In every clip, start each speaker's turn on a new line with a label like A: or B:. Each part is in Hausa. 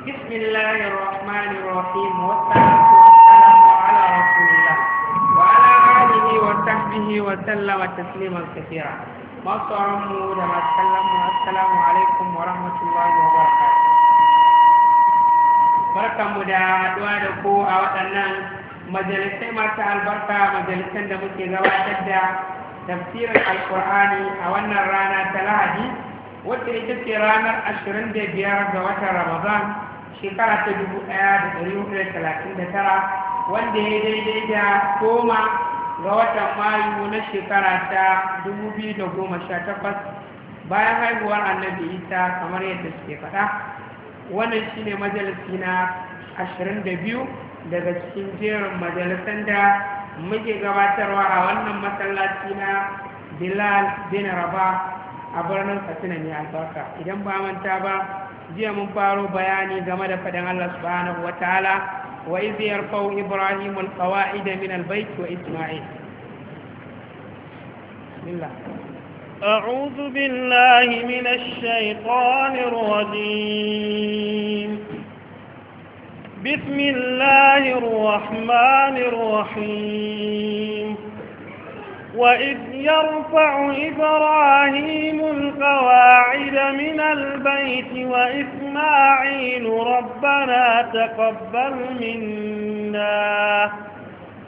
A: بسم الله الرحمن الرحيم والصلاة والسلام على رسول الله وعلى آله وصحبه وسلم تسليما كثيرا مصرم ولما سلم السلام عليكم ورحمة الله وبركاته barkanmu da haɗuwa da ku a waɗannan majalisai masu albarka majalisan da muke gabatar da tafsirin alkur'ani a wannan rana ta lahadi wacce ita ce ranar 25 ga watan ramadan shekara ta dubu ɗaya da ɗari hudu da talatin da tara wanda ya daidai da goma ga watan mayu na shekara ta dubu biyu da goma sha takwas bayan haihuwar annabi isa kamar yadda suke faɗa wannan shine majalisi na ashirin da biyu daga cikin jerin majalisan da muke gabatarwa a wannan masallaci na bilal bin raba a birnin katsina mai albarka idan ba manta ba jiya mun faro bayani game da faɗin Allah subhanahu wa ta'ala wa idh yarfa'u ibrahim alqawa'id min albayt wa isma'il bismillah
B: أعوذ بالله من الشيطان الرجيم بسم الله الرحمن الرحيم وإذ يرفع إبراهيم القواعد من البيت وإسماعيل ربنا تقبل منا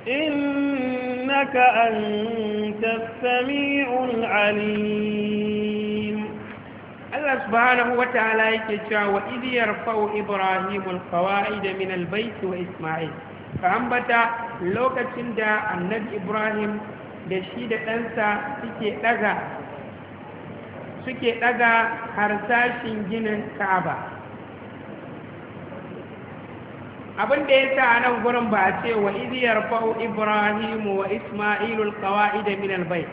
B: إنك أنت السميع
A: العليم الله سبحانه وتعالى يكتشع وإذ يرفع إبراهيم القواعد من البيت وإسماعيل فأنبت لوكة عند النبي إبراهيم da shi da ɗansa suke ɗaga suke ɗaga harsashin ginin ka'aba abin da ya sa a nan gurin ba a ce wa izi yarfa'u ibrahimu wa isma'ilu qawa'ida min albayt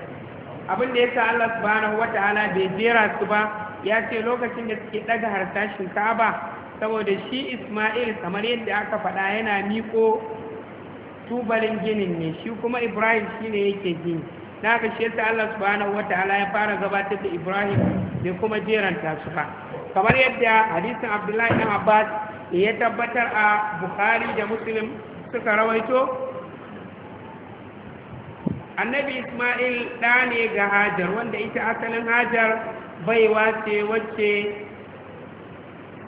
A: abin da ya sa Allah subhanahu ala bai jera su ba ya ce lokacin da suke ɗaga harsashin ka'aba saboda shi Isma'il kamar yadda aka faɗa yana miko. tubalin ginin ne shi kuma ibrahim shine yake gini na ka shi yasa Allah subhanahu ta'ala ya fara gabatar da ibrahim da kuma jeran tasu ba kamar yadda hadisin abdullahi na abbas ya tabbatar a bukhari da muslim suka rawaito annabi isma'il ɗa ne ga hajar wanda ita asalin hajar bai wace wacce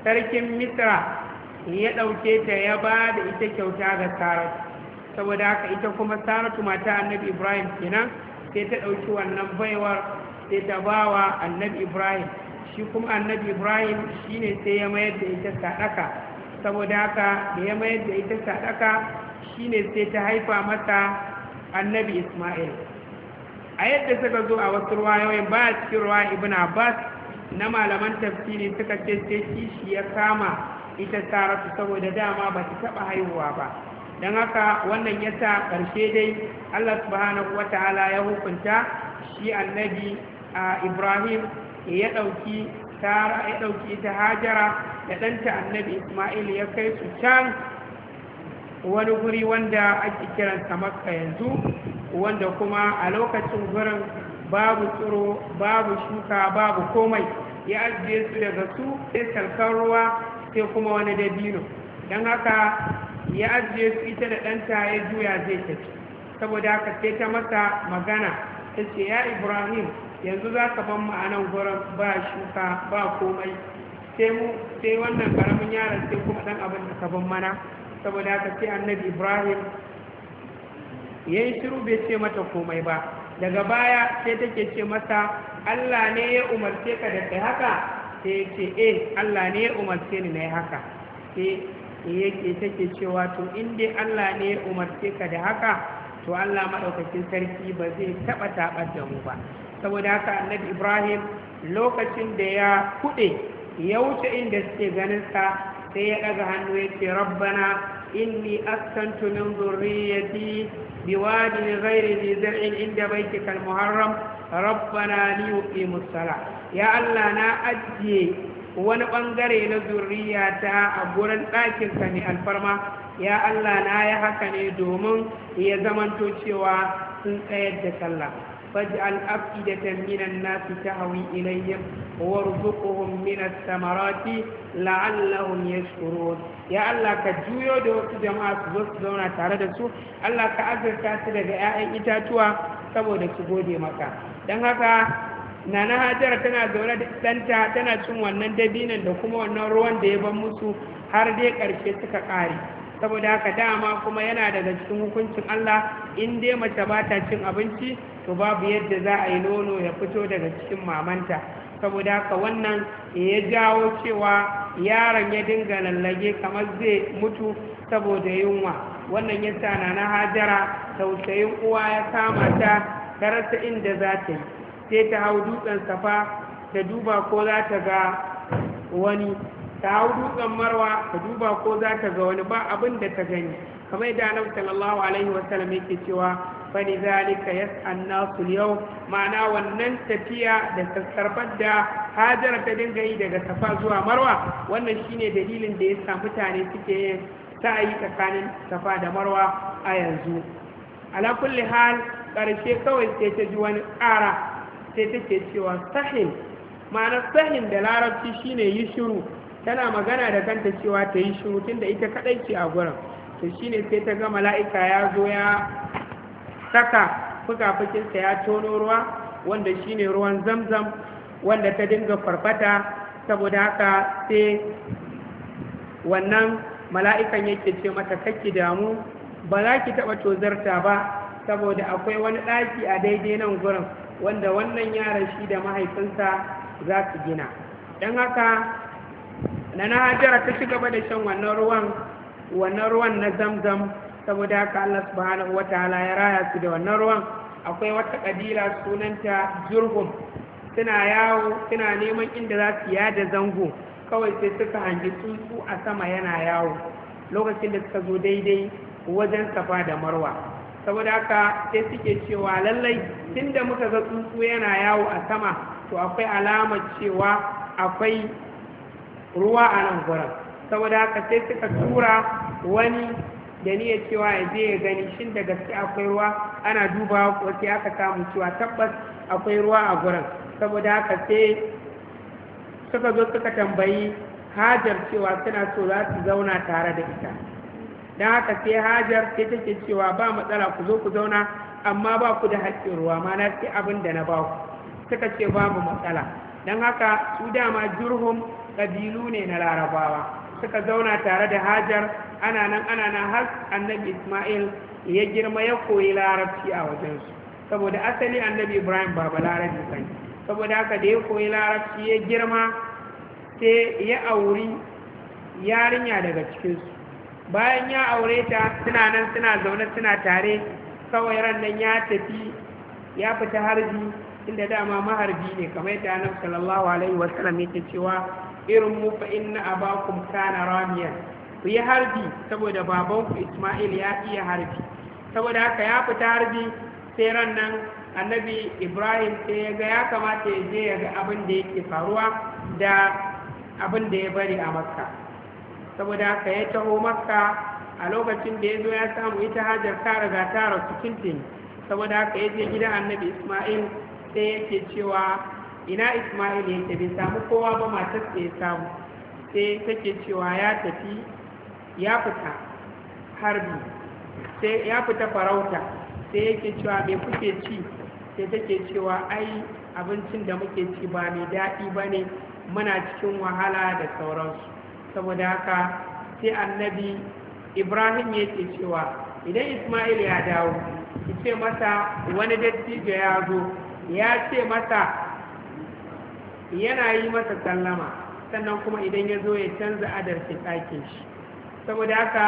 A: sarkin misra ya ɗauke ta ya ba da ita kyauta ga sarar saboda haka ita kuma saratu mata annabi ibrahim kenan sai ta ɗauki wannan baiwar sai ta ba wa annabi ibrahim shi kuma annabi ibrahim shine sai ya mayar da ita sadaka saboda haka da ya mayar da ita sadaka shine sai ta haifa masa annabi isma'il a yadda suka zo a wasu ruwayoyin ba a cikin ruwa ibn abbas na malaman tafsiri suka ce sai kishi ya kama ita saratu saboda dama ba ta taɓa haihuwa ba don haka wannan ya sa ƙarshe dai allah subhanahu wa ta'ala ya hukunta shi annabi a ibrahim ya ɗauki tara ya ɗauki ta hajara da ɗanta annabi ismail ya kai su can wani guri wanda ake kiran makka yanzu wanda kuma a lokacin gurin babu tsoro babu shuka babu komai ya ajiye su daga su sai salkar ruwa sai kuma wani dabino don haka ya ajiye su ita da ɗanta ya juya zai tafi saboda haka ce ta masa magana ta ce ya ibrahim yanzu za ka ban ma'anan gurin ba shuka ba komai sai wannan karamin yaran sai kuma ɗan abin da ka mana saboda haka ce annabi ibrahim ya yi shiru bai ce mata komai ba daga baya sai take ce masa allah ne ya umarce ka da kai haka sai ya ce eh allah ne ya umarce ni na haka yake take cewa to in dai Allah ne ya umarce ka da haka to Allah maɗaukakin sarki ba zai taɓa taɓar da mu ba saboda haka annabi Ibrahim lokacin da ya kuɗe ya wuce inda suke ganin sa sai ya ɗaga hannu ya ce rabbana inni askantu min zurriyyati biwadin ghairi dhi zar'in inda baitikal muharram rabbana li yuqimus sala ya Allah na ajiye wani ɓangare na ta a gurin ɗakinka mai alfarma ya Allah na ya haka ne domin ya zamanto cewa sun tsayar da sallah da tamminan minan nasi ta ilayhim warzuqhum min ath-thamarati la'allahum yashkurun ya Allah ka juyo da wasu jama'a su zo su zauna tare da su Allah ka azurta su daga 'ya'yan itatuwa saboda su gode maka don haka nana hajara tana zaune da ɗanta tana cin wannan dabinan da kuma wannan ruwan da ya ban musu har dai ƙarshe suka ƙare saboda haka dama kuma yana daga cikin hukuncin Allah in dai mace ba ta cin abinci to babu yadda za a yi nono ya fito daga cikin mamanta saboda haka wannan ya jawo cewa yaron ya dinga lallage kamar zai mutu saboda yunwa wannan ya sa na hajara tausayin uwa ya kama ta ta rasa inda za ta yi sai ta hau dutsen safa ta duba ko za ta ga wani ta hau dutsen marwa ta duba ko za ta ga wani ba abin da ta gani kamar yadda annabi sallallahu alaihi wa sallam yake cewa ni zalika yas'an nasu yau ma'ana wannan tafiya da sassarfar da hajara ta dinga yi daga safa zuwa marwa wannan shine dalilin da yasa mutane suke yin sa'ayi tsakanin safa da marwa a yanzu ala kulli hal karshe kawai sai ta ji wani ƙara sai take cewa sahin ma'anar sahin da larabci shine yi shiru tana magana da kanta cewa ta yi shiru tunda ita kadai ce a gurin to shine sai ta ga mala'ika ya zo ya saka fukafukinsa ya tono ruwa wanda shine ruwan zamzam wanda ta dinga farfata saboda haka sai wannan mala'ikan yake ce mata kakki damu ba za ki taɓa tozarta ba saboda akwai wani ɗaki a daidai nan gurin wanda wannan yaran shi da mahaifinsa za su gina don haka na na hajjara ta ci gaba da shan wannan ruwan wannan ruwan na zamzam saboda haka allah subhanahu wa ta'ala ya raya su da wannan ruwan akwai wata kabila sunanta jurhum suna yawo suna neman inda za su yada zango kawai sai suka hangi tsuntsu a sama yana yawo lokacin da suka zo daidai wajen safa da marwa saboda haka sai suke cewa lallai tun da muka ga tsuntsu yana yawo a sama to akwai alama cewa akwai ruwa a nan gurin saboda haka sai suka tura wani da ya cewa ya je ya gani shin da gaske akwai ruwa ana duba ko sai aka samu cewa tabbas akwai ruwa a gurin saboda haka sai suka zo suka tambayi hajar cewa suna so za su zauna tare da ita dan haka sai hajar sai take cewa ba matsala ku zo ku zauna amma ba ku da haƙƙin ruwa na sai abin da na ba ku suka ce babu matsala don haka su dama jurhum ƙabilu ne na larabawa suka zauna tare da hajar ana nan ana nan har annabi ismail ya girma ya koyi larabci a wajensu saboda asali annabi ibrahim ba larabci ba saboda haka da ya koyi larabci ya girma sai ya auri yarinya daga cikinsu bayan ya aure ta suna nan suna zaune suna tare kawai ran nan ya tafi ya fita harbi inda dama maharbi ne kamar yadda annabi sallallahu alaihi wasallam yake cewa irin mu fa inna abakum kana ramiyan ku yi harbi saboda baban ku Isma'il ya iya harbi saboda haka ya fita harbi sai ran nan annabi Ibrahim sai ya ga ya kamata ya je ya ga abin da yake faruwa da abin da ya bari a Makka saboda haka ya taho maka, a lokacin da ya zo ya samu ita hajar ta riga ta rasu tuntun saboda haka ya je gidan annabi isma'il sai yake cewa ina isma'il ya ke bai samu kowa ba matar ya samu sai ta ke cewa ya tafi ya fita harbi sai ya fita farauta sai yake cewa me kuke ci sai ta ke cewa ai abincin da muke ci ba mai daɗi ba ne muna cikin wahala da sauransu saboda haka sai annabi ibrahim ya ce cewa idan ismail ya dawo ki ce masa wani dattijo ya zo ya ce masa yana yi masa sallama sannan kuma idan ya zo ya canza adarki ɗakin shi saboda haka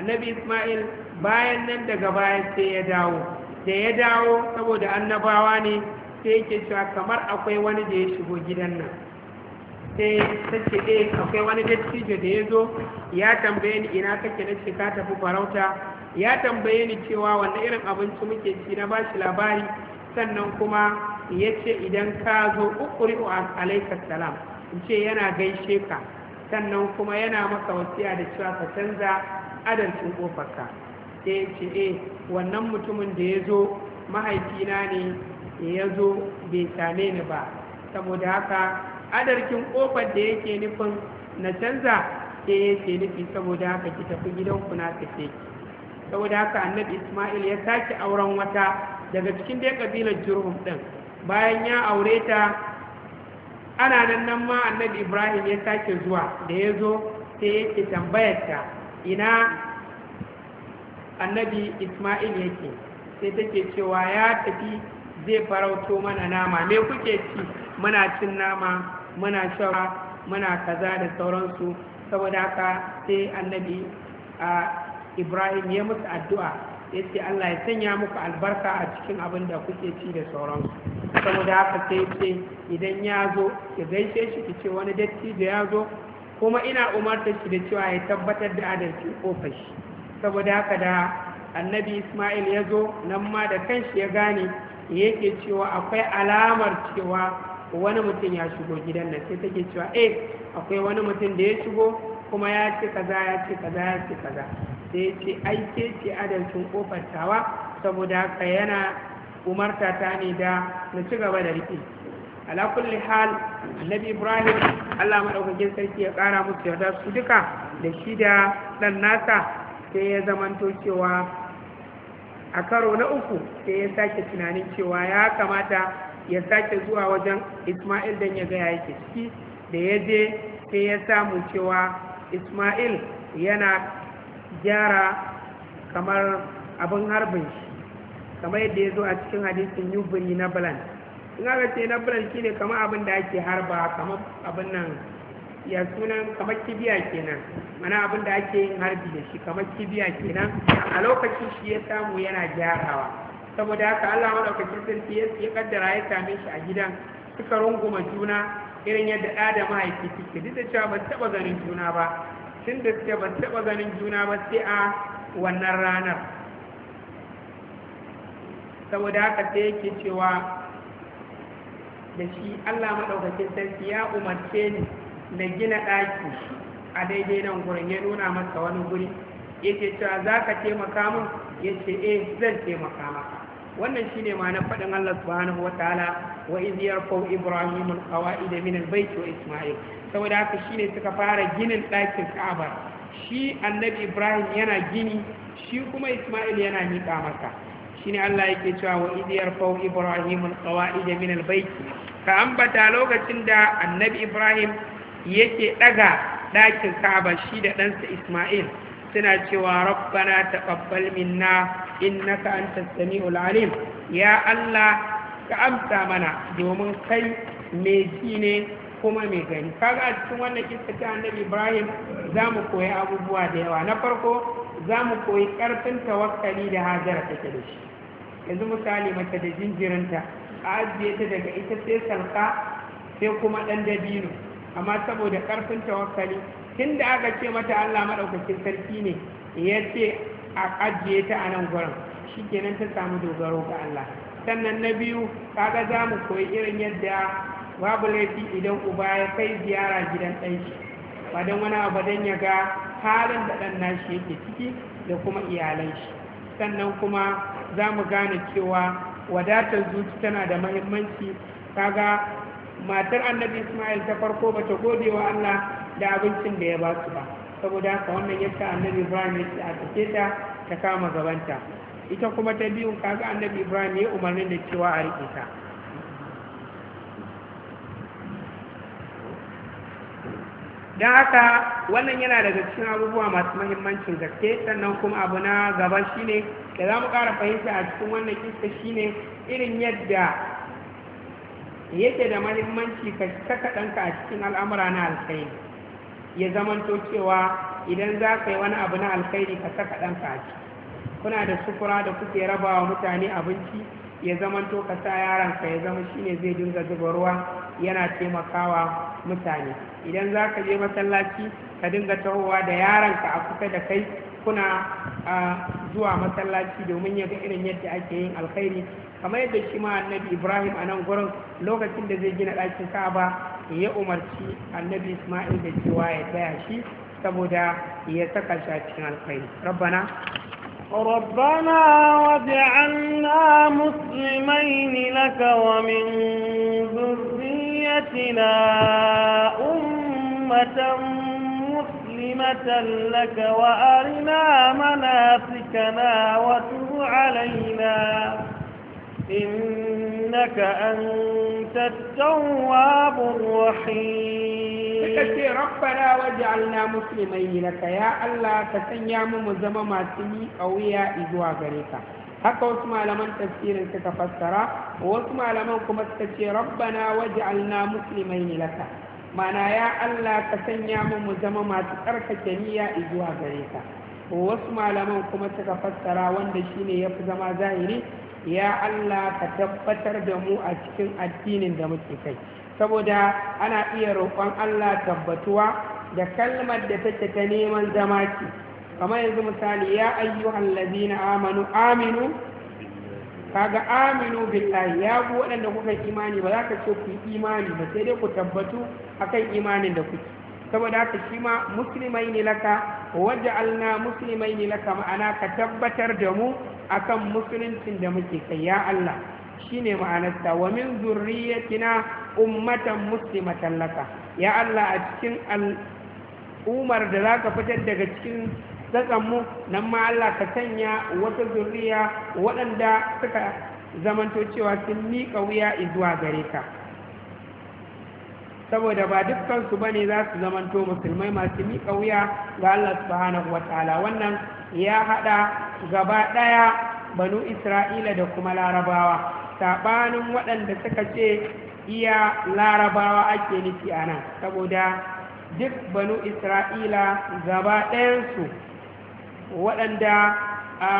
A: annabi ismail bayan nan daga baya sai ya dawo da ya dawo saboda annabawa ne sai yake cewa kamar akwai wani da ya shigo gidan nan sai sace ɗaya eh, akwai wani dattijo da ya zo ya tambaye ni ina kake na ce ka tafi farauta ya tambaye ni cewa wanda irin abinci muke ci na ba shi labari sannan kuma ya ce idan ka zo ukuri alaikar salam in ce yana gaishe ka sannan kuma yana maka wasiya da cewa ka canza adalcin kofarka sai ya ce eh wannan mutumin da ya zo mahaifina ne ya zo bai same ni ba saboda haka adarkin kofar da yake nufin na canza ke yake nufi saboda haka ki tafi gidanku na sake saboda haka annabi ismail ya sake auren wata daga cikin dai kabilar jurhum din bayan ya aure ta ana nan nan ma annabi ibrahim ya sake zuwa da ya zo sai yake tambayar ta ina annabi ismail yake sai take cewa ya tafi zai farauto mana nama me kuke ci muna cin nama muna shawara muna kaza da sauransu saboda haka sai annabi a ibrahim ya musu addu'a ya ce allah ya sanya muku albarka a cikin abin da kuke ci da sauransu saboda haka sai ce idan ya zo ya gaishe shi ki ce wani dattijo ya zo kuma ina umartar shi da cewa ya tabbatar da adalci kofar shi saboda haka da annabi ismail ya zo nan ma da kanshi ya gane yake cewa akwai alamar cewa wani mutum ya shigo gidan nan sai take cewa eh akwai wani mutum da ya shigo kuma ya ce kaza ya ce kaza ya ce kaza sai ce ai ke ce adalcin kofar tawa saboda haka yana umarta ta ne da na ci gaba da riƙe ala kulli hal annabi ibrahim allah maɗaukakin sarki ya ƙara musu yarda su duka da shi da ɗan nasa sai ya zamanto cewa a karo na uku sai ya sake tunanin cewa ya kamata ya sake zuwa wajen isma'il dan ya gaya ya yake ciki da ya je sai ya samu cewa isma'il yana gyara kamar abin harbin shi kamar yadda ya zo a cikin hadisin yubiri na balan in aka ce na balan shine kamar abin da ake harba kamar abin nan ya sunan kamar kibiya kenan mana abin da ake yin harbi da shi kamar kibiya kenan a lokacin shi ya samu yana gyarawa saboda haka Allah maɗaukakin sarki ya kaddara ya same shi a gidan suka runguma juna irin yadda ɗa da mahaifi suke duk da cewa ba taɓa ganin juna ba tun da suke ba taɓa ganin juna ba sai a wannan ranar saboda haka sai yake cewa da shi Allah maɗaukakin sarki ya umarce ni na gina ɗaki a daidai nan gurin ya nuna masa wani guri yake cewa za ka taimaka min ya ce eh zan taimaka maka wannan shine ma'anar faɗin Allah subhanahu wataala wa iz yarfau ibrahim alqawaid min albayt wa isma'il saboda haka shine suka fara ginin ɗakin Ka'aba shi annabi Ibrahim yana gini shi kuma Isma'il yana miƙa masa shine Allah yake cewa wa iz yarfau ibrahim alqawaid min albayt ka ambata lokacin da annabi Ibrahim yake ɗaga ɗakin Ka'aba shi da ɗansa Isma'il suna cewa rabbana taqabbal minna innaka antas samiul alim ya Allah ka amsa mana domin kai mai ji ne kuma mai gani kaga a cikin wannan kissa ta annabi Ibrahim zamu koyi abubuwa da yawa na farko zamu koyi karfin tawakkali da hajara take da shi yanzu misali mace da jinjirinta a ajiye ta daga ita sai salka sai kuma dan dabino amma saboda karfin tawakkali tun da aka ce mata Allah maɗaukakin sarki ne ya ce a ajiye ta a nan gurin shi kenan ta samu dogaro ga Allah sannan na biyu kaga za mu koyi irin yadda babu laifi idan uba ya kai ziyara gidan ɗan shi ba wani abu don ya ga halin da ɗan nashi yake ciki da kuma iyalan shi sannan kuma za mu gane cewa wadatar zuci tana da mahimmanci kaga matar annabi ismail ta farko ba ta gode wa allah da abincin da ya ba su ba saboda haka wannan yadda annabi ibrahim ya ce a take ta ta kama gabanta ita kuma ta biyu kaga annabi ibrahim ya umarni da cewa a riƙe ta don haka wannan yana daga cikin abubuwa masu mahimmancin gaske sannan kuma abu na gaba shine da za mu ƙara fahimta a cikin wannan kisa shine irin yadda yake da mahimmanci ka saka ɗanka a cikin al'amura na alkhairi ya zamanto cewa idan za ka yi wani abu na alkhairi ka saka ɗanka a ciki kuna da sufura da kuke raba wa mutane abinci ya zamanto ka sa yaranka ya zama shine zai dinga zuba ruwa yana taimakawa mutane idan za ka je masallaci ka dinga tahowa da yaranka a kusa da kai kuna ah, zuwa masallaci domin ya ga irin yadda ake yin alkhairi kamar yadda shi ma annabi ibrahim a nan gurin lokacin da zai gina ɗakin ka'aba ya umarci annabi isma'il da cewa ya taya shi saboda ya saka shi a cikin alkhairi rabbana
B: ربنا وجعلنا مسلمين لك ومن ذريتنا أمة مسلمة لك وأرنا مناسكنا وتب علينا إنك أنت
A: التواب الرحيم kace rabbana waj'alna muslimaini laka ya Allah ka sanya mu mu zama masu yi kauya zuwa gare ka haka wasu malaman tafsirin suka fassara wasu malaman kuma suka ce rabbana waj'alna muslimaini laka mana ya Allah ka sanya mu mu zama masu tsarkake niyya zuwa gare ka wasu malaman kuma suka fassara wanda shine yafi zama zahiri ya Allah ka tabbatar da mu a cikin addinin da muke kai saboda ana iya roƙon Allah tabbatuwa da kalmar da take ta neman zama ce kamar yanzu misali ya ayyuhan ladina amanu aminu kaga aminu billahi ya ku waɗanda kuka imani ba za ka ce ku yi imani ba sai dai ku tabbatu akan imanin da kuke saboda haka shi ma muslimai ne laka wajalna alna muslimai ne laka ma'ana ka tabbatar da mu akan musuluncin da muke kai ya Allah shine ma'anarsa wa min zurriyatina ummatan muslimatan laka ya Allah a cikin al'ummar da zaka fitar daga cikin mu nan ma Allah ka sanya wata zurriya waɗanda suka zamanto cewa sun miƙa wuya zuwa gare ka saboda ba dukkansu bane za su zamanto musulmai masu miƙa wuya ga Allah subhanahu wataala wannan ya haɗa gaba ɗaya banu isra'ila da kuma larabawa saɓanin waɗanda suka ce iya larabawa ake nufi a nan saboda duk banu isra'ila gaba ɗayansu waɗanda a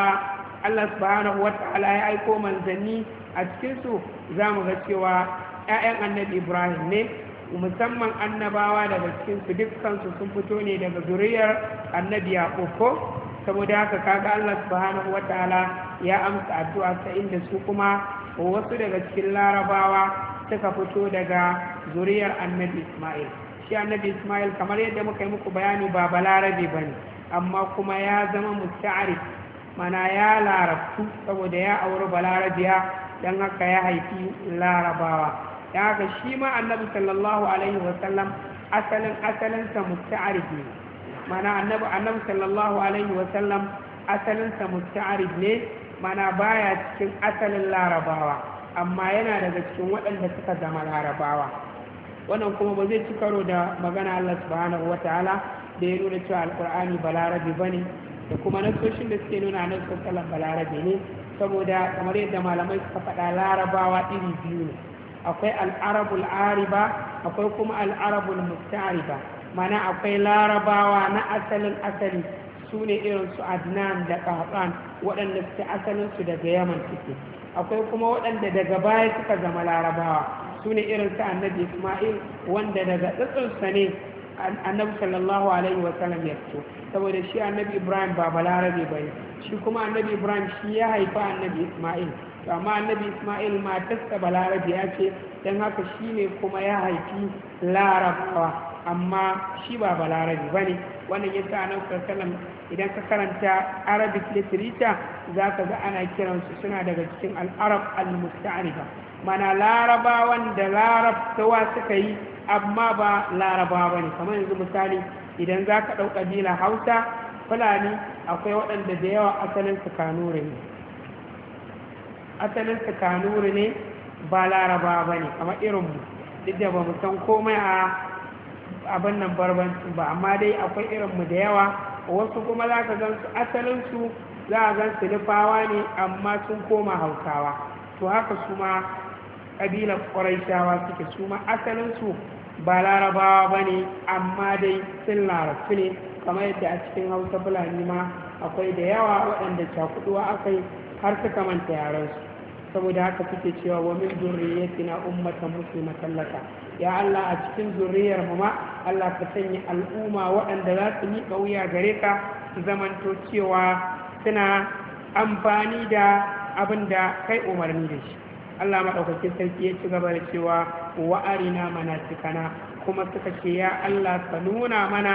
A: Allah subhanahu wa ta'ala ya aiko manzanni a cikinsu za mu ga cewa 'ya'yan annabi Ibrahim ne musamman annabawa daga cikinsu dukkansu sun fito ne daga zuriyar annabi Yaƙo saboda haka kaga Allah subhanahu wataala ya amsa addu'a ta inda su kuma wasu daga cikin larabawa suka fito daga zuriyar annabi Ismail shi annabi Ismail kamar yadda muka yi muku bayani ba balarabe ne amma kuma ya zama musta'arif mana ya larabtu saboda ya auri balarabiya dan haka ya haifi larabawa dan haka shi ma annabi sallallahu alaihi wasallam asalin asalinsa musta'arif ne mana annabi annabi sallallahu alaihi wasallam asalinsa musta'arid ne mana baya cikin asalin larabawa amma yana daga cikin waɗanda suka zama larabawa wannan kuma ba zai ci karo da magana Allah subhanahu wataala da ya nuna cewa alkur'ani ba ne. da kuma nasoshin da suke nuna annabi sallallahu balarabe ne saboda kamar yadda malamai suka faɗa larabawa iri biyu ne akwai al'arabul ariba akwai kuma al'arabul musta'ariba mana akwai larabawa na asalin asali su ne su adnan da ƙaƙan waɗanda suke su daga yaman suke akwai kuma waɗanda daga baya suka zama larabawa su ne su annabi ismail wanda daga tsitsinsa ne annabi sallallahu alaihi wasallam ya fito saboda shi annabi ibrahim ba Larabe ba ne shi kuma annabi ibrahim shi ya haifa annabi ismail amma annabi ismail matarsa balarabe ya ce don haka shi ne kuma ya haifi larabawa amma shi ba balarabi ba ne wannan ya sa nan sassalam idan ka karanta arabic literature za ka ga ana kiransu suna daga cikin al'arab al-musta'arifa mana larabawan da larabtawa suka yi amma ba larabawa ba ne kamar yanzu misali idan za ka ɗau ƙabila hausa fulani akwai waɗanda da yawa asalin su kanuri ne asalin su kanuri ne ba laraba ba ne kamar irinmu duk da ba mu san komai a abin nan barbancin ba amma dai akwai irinmu da yawa wasu kuma za ka gansu asalinsu za a gansu nufawa ne amma sun koma hausawa to haka su ma ƙabilar ƙwarai suke su ma asalinsu ba larabawa ba ne amma dai sun larabci ne kamar yadda a cikin hausa fulani ma akwai da yawa waɗanda cakuɗuwa aka yi har suka manta yaransu saboda haka suke cewa wa min zurriyatina ummatan muslimatan laka ya Allah a cikin zuriyar mu ma Allah ka sanya al'umma waɗanda za su miƙa wuya gare ka su zamanto cewa suna amfani da abin da kai umarni da shi Allah maɗaukakin sarki ya ci gaba da cewa wa'arina mana cikana kuma suka ce ya Allah ka nuna mana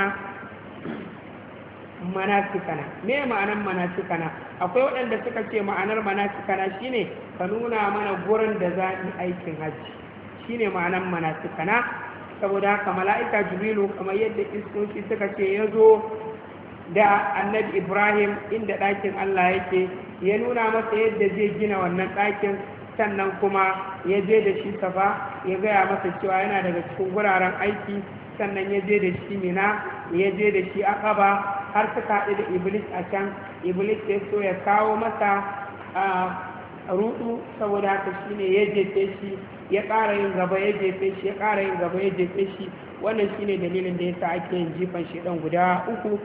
A: manasikana me ma'anar manasikana akwai waɗanda suka ce ma'anar manasikana shine ka nuna mana gurin da za mu aikin hajji shine ma'anan manasikana saboda haka mala'ika jibrilu kamar yadda iskoki suka ce ya zo da annabi ibrahim inda ɗakin allah yake ya nuna masa yadda zai gina wannan ɗakin sannan kuma ya je da shi safa ya gaya masa cewa yana daga cikin wuraren aiki sannan ya je da shi mina ya je da shi akaba har suka haɗu da iblis a can iblis ya so ya kawo masa ah, rudu saboda haka shine ya jefe shi ya ƙara yin gaba ya jefe shi ya ƙara yin gaba ya jefe shi wannan shine dalilin da ya sa ake yin jifan shaidan guda uku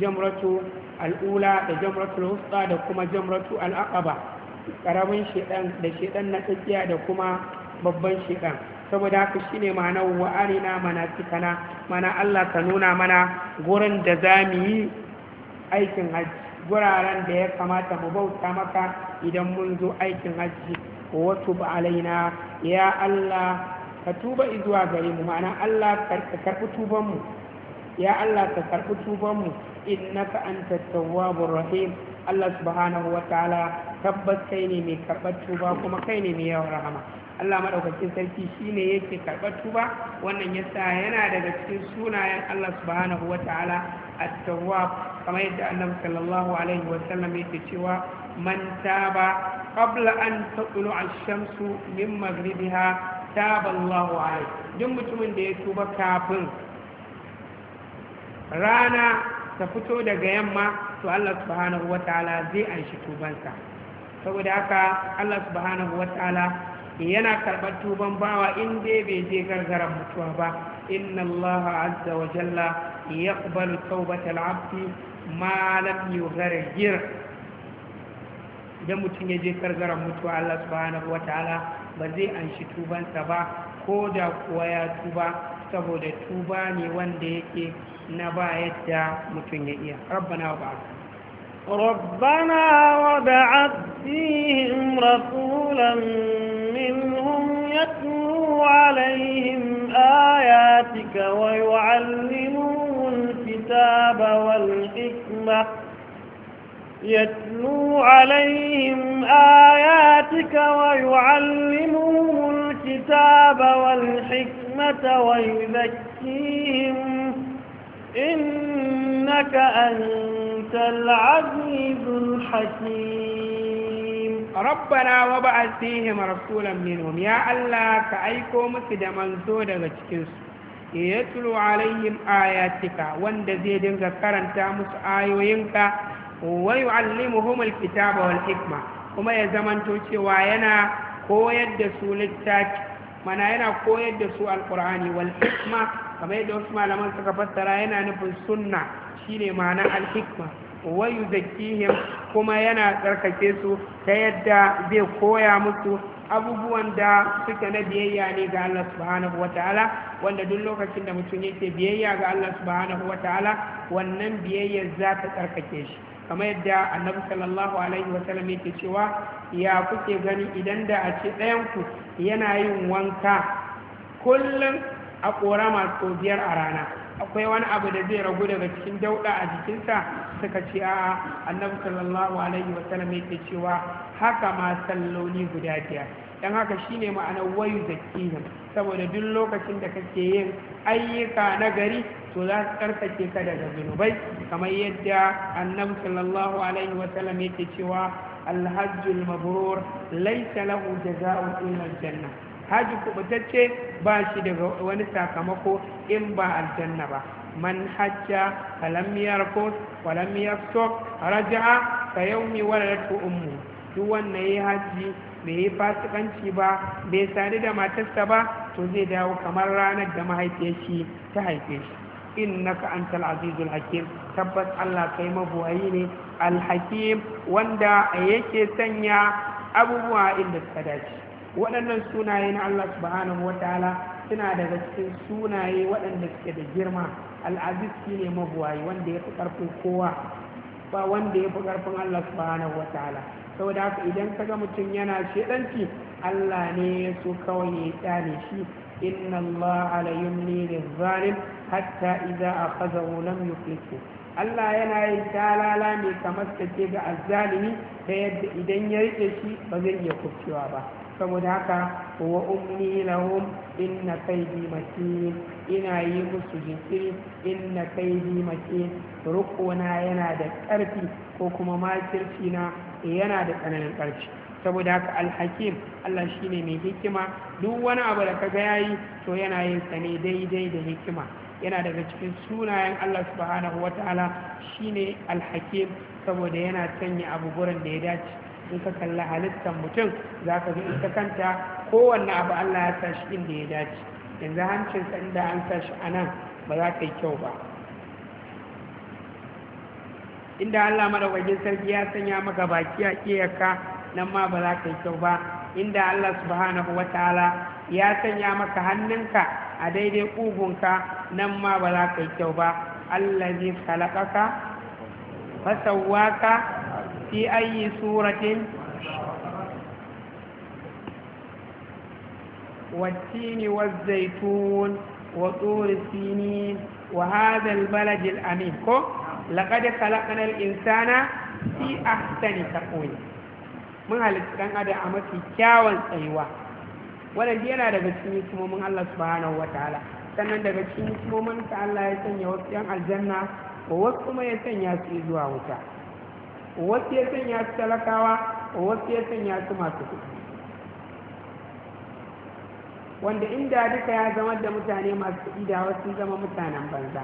A: jamratu al'ula da jamratu al da kuma jamratu al'aqaba karamin shaidan da shaidan na tsakiya da kuma babban shaidan saboda haka shine ma'ana mana arina manasikana mana Allah ka nuna mana gurin da za mu yi aikin hajji guraren da ya kamata mu bauta maka idan mun zo aikin hajji wa tub alaina ya Allah ka tuba izuwa gare mu ma'ana Allah ka karɓi tubanmu ya Allah ka karɓi tubanmu innaka anta tawwabur rahim Allah subhanahu wa ta'ala tabbas kai ne mai karɓar tuba kuma kai ne mai yawan rahama Allah madaukakin sarki shine yake karɓar tuba wannan yasa yana daga cikin sunayen Allah subhanahu wa ta'ala at-tawwab kamar yadda annabi sallallahu alaihi wasallam yake cewa man taba qabla an taqulu ash-shamsu min maghribiha taba Allahu alaihi duk mutumin da ya tuba kafin rana ta fito daga yamma to Allah subhanahu zai anshi tubansa saboda haka Allah subhanahu yana karɓar tuban bawa in dai bai je gargara mutuwa ba inna allaha azza wa jalla yaqbalu tawbata abdi ma lam yughargir idan mutum ya je gargara mutuwa Allah subhanahu wa ta'ala ba zai anshi tubansa ba ko da kuwa ya tuba saboda tuba ne wanda yake na ba yadda mutum ya iya rabbana wa ba'a ربنا وبعث
B: فيهم رسولا منهم يتلو عليهم آياتك ويعلمهم الكتاب والحكمة يتلو عليهم آياتك ويعلمهم الكتاب والحكمة ويذكيهم إنك
A: أنت العزيز الحكيم ربنا وبعث فيهم رسولا منهم يا الله كأيكم سدمان زودا لتكنس يتلو عليهم آياتك وان دزيدنك كرنتا مسآيوينك ويعلمهم الكتاب والحكمة kuma ya zamanto cewa yana koyar da su littafi mana yana koyar da su alkur'ani wal hikma kamar yadda wasu malaman suka fassara yana nufin sunna shine ma'ana al-hikma wa yuzakkihim kuma yana tsarkake su ta yadda zai koya musu abubuwan da suka na biyayya ne ga Allah subhanahu wataala wanda duk lokacin da mutum yake biyayya ga Allah subhanahu wataala wannan biyayya za ta tsarkake shi kamar yadda annabi sallallahu alaihi sallam yake cewa ya kuke gani idan da a ce ɗayanku yana yin wanka kullum a ƙorama sau biyar a rana akwai wani abu da zai ragu daga cikin dauda a jikinsa suka ce a annabi sallallahu alaihi wasallam yake cewa haka ma salloli guda biyar dan haka shine ma'anar wayu zakihim saboda duk lokacin da kake yin ayyuka na gari to za su karkace ka daga zunubai kamar yadda annabi sallallahu alaihi wasallam yake cewa alhajjul mabrur laysa lahu jazaa'un illa janna haji kubutacce ba shi daga wani sakamako in ba aljanna ba man hajja falam yarfus falam yafsuk raja'a ka yawmi waladatu ummu duk wanda yayi haji bai yi fasikanci ba bai sadu da matarsa ba to zai dawo kamar ranar da mahaifiyar shi ta haife shi innaka antal azizul hakim tabbas Allah kai mabuwayi ne alhakim wanda yake sanya abubuwa inda suka dace waɗannan sunaye na Allah subhanahu wataala suna daga cikin sunaye waɗanda suke da girma al'aziz shine mabuwayi wanda ya fi ƙarfin kowa ba wanda ya fi ƙarfin Allah subhanahu wataala saboda haka idan ka ga mutum yana shedanci Allah ne ya so kawai ya tsane shi inna Allah la yumli lizzalim hatta idza akhadhahu lam yuflihu Allah yana yin talala mai kamar take ga azzalimi da yadda idan ya rike shi ba zai iya kufcewa ba saboda haka wa umli lahum inna kaidi matin ina yi musu jinkiri inna kaidi matin rukuna yana da ƙarfi ko kuma makirci na yana da tsananin ƙarfi saboda haka alhakim Allah shine mai hikima duk wani abu da kaga yayi to yana yin sa ne daidai da hikima yana daga cikin sunayen Allah subhanahu wataala shine alhakim saboda yana tanya abu gurin da ya dace in ka kalli halittar mutum za ka ga ita kanta kowanne abu Allah ya sa shi inda ya dace yanzu hancinsa inda an sa shi a nan ba za ka yi kyau ba inda Allah madaukakin sarki ya sanya maka baki a kiyarka nan ma ba za ka yi kyau ba inda Allah subhanahu wataala ya sanya maka hannunka a daidai ƙugunka nan ma ba za ka yi kyau ba Allah zai halakaka fasawaka fi ayi suratin والتين والزيتون وطور السينين وهذا البلد الأمين كو لقد خلقنا الإنسان في أحسن تقويم من هل تكن هذا أمك كاوان سيوا wannan yana daga cikin hikimomin Allah subhanahu wataala sannan daga cikin hikimomin ta Allah ya sanya wasu yan aljanna ko wasu ya sanya su zuwa wuta wasu ya sanya su talakawa wasu ya sanya su masu kuɗi wanda inda duka ya zama da mutane masu kuɗi da wasu zama mutanen banza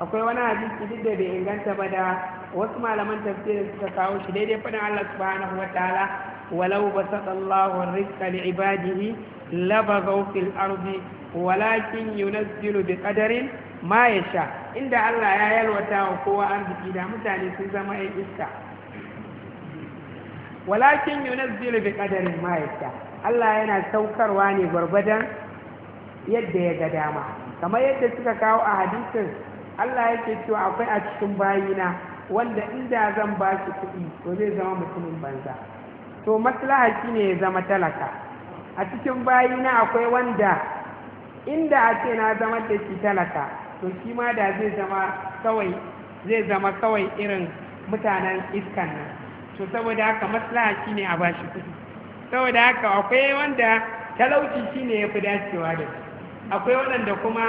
A: akwai wani hadisi duk da bai inganta ba da wasu malaman da suka kawo shi daidai faɗin Allah subhanahu wa ta'ala walau basatallahu rizqa li ibadihi labaghaw fil ardi walakin yunazzilu biqadarin ma ya sha inda Allah ya yalwata wa kowa arziki da mutane sun zama ‘yan iska walakin yunazzilu bi qadarin ma ya sha Allah yana saukarwa ne barbadan yadda ya ga dama kamar yadda suka kawo a hadisin Allah yake cewa akwai a cikin bayina wanda inda zan ba shi kuɗi to zai zama mutumin banza to maslaha shine ya zama talaka a cikin bayina akwai wanda inda a ce na zama da shi talaka to shi ma da zai zama kawai zai zama kawai irin mutanen iskan nan to saboda haka maslaha shine a bashi kudi saboda haka akwai wanda talauci shine ya fi dacewa da su akwai waɗanda kuma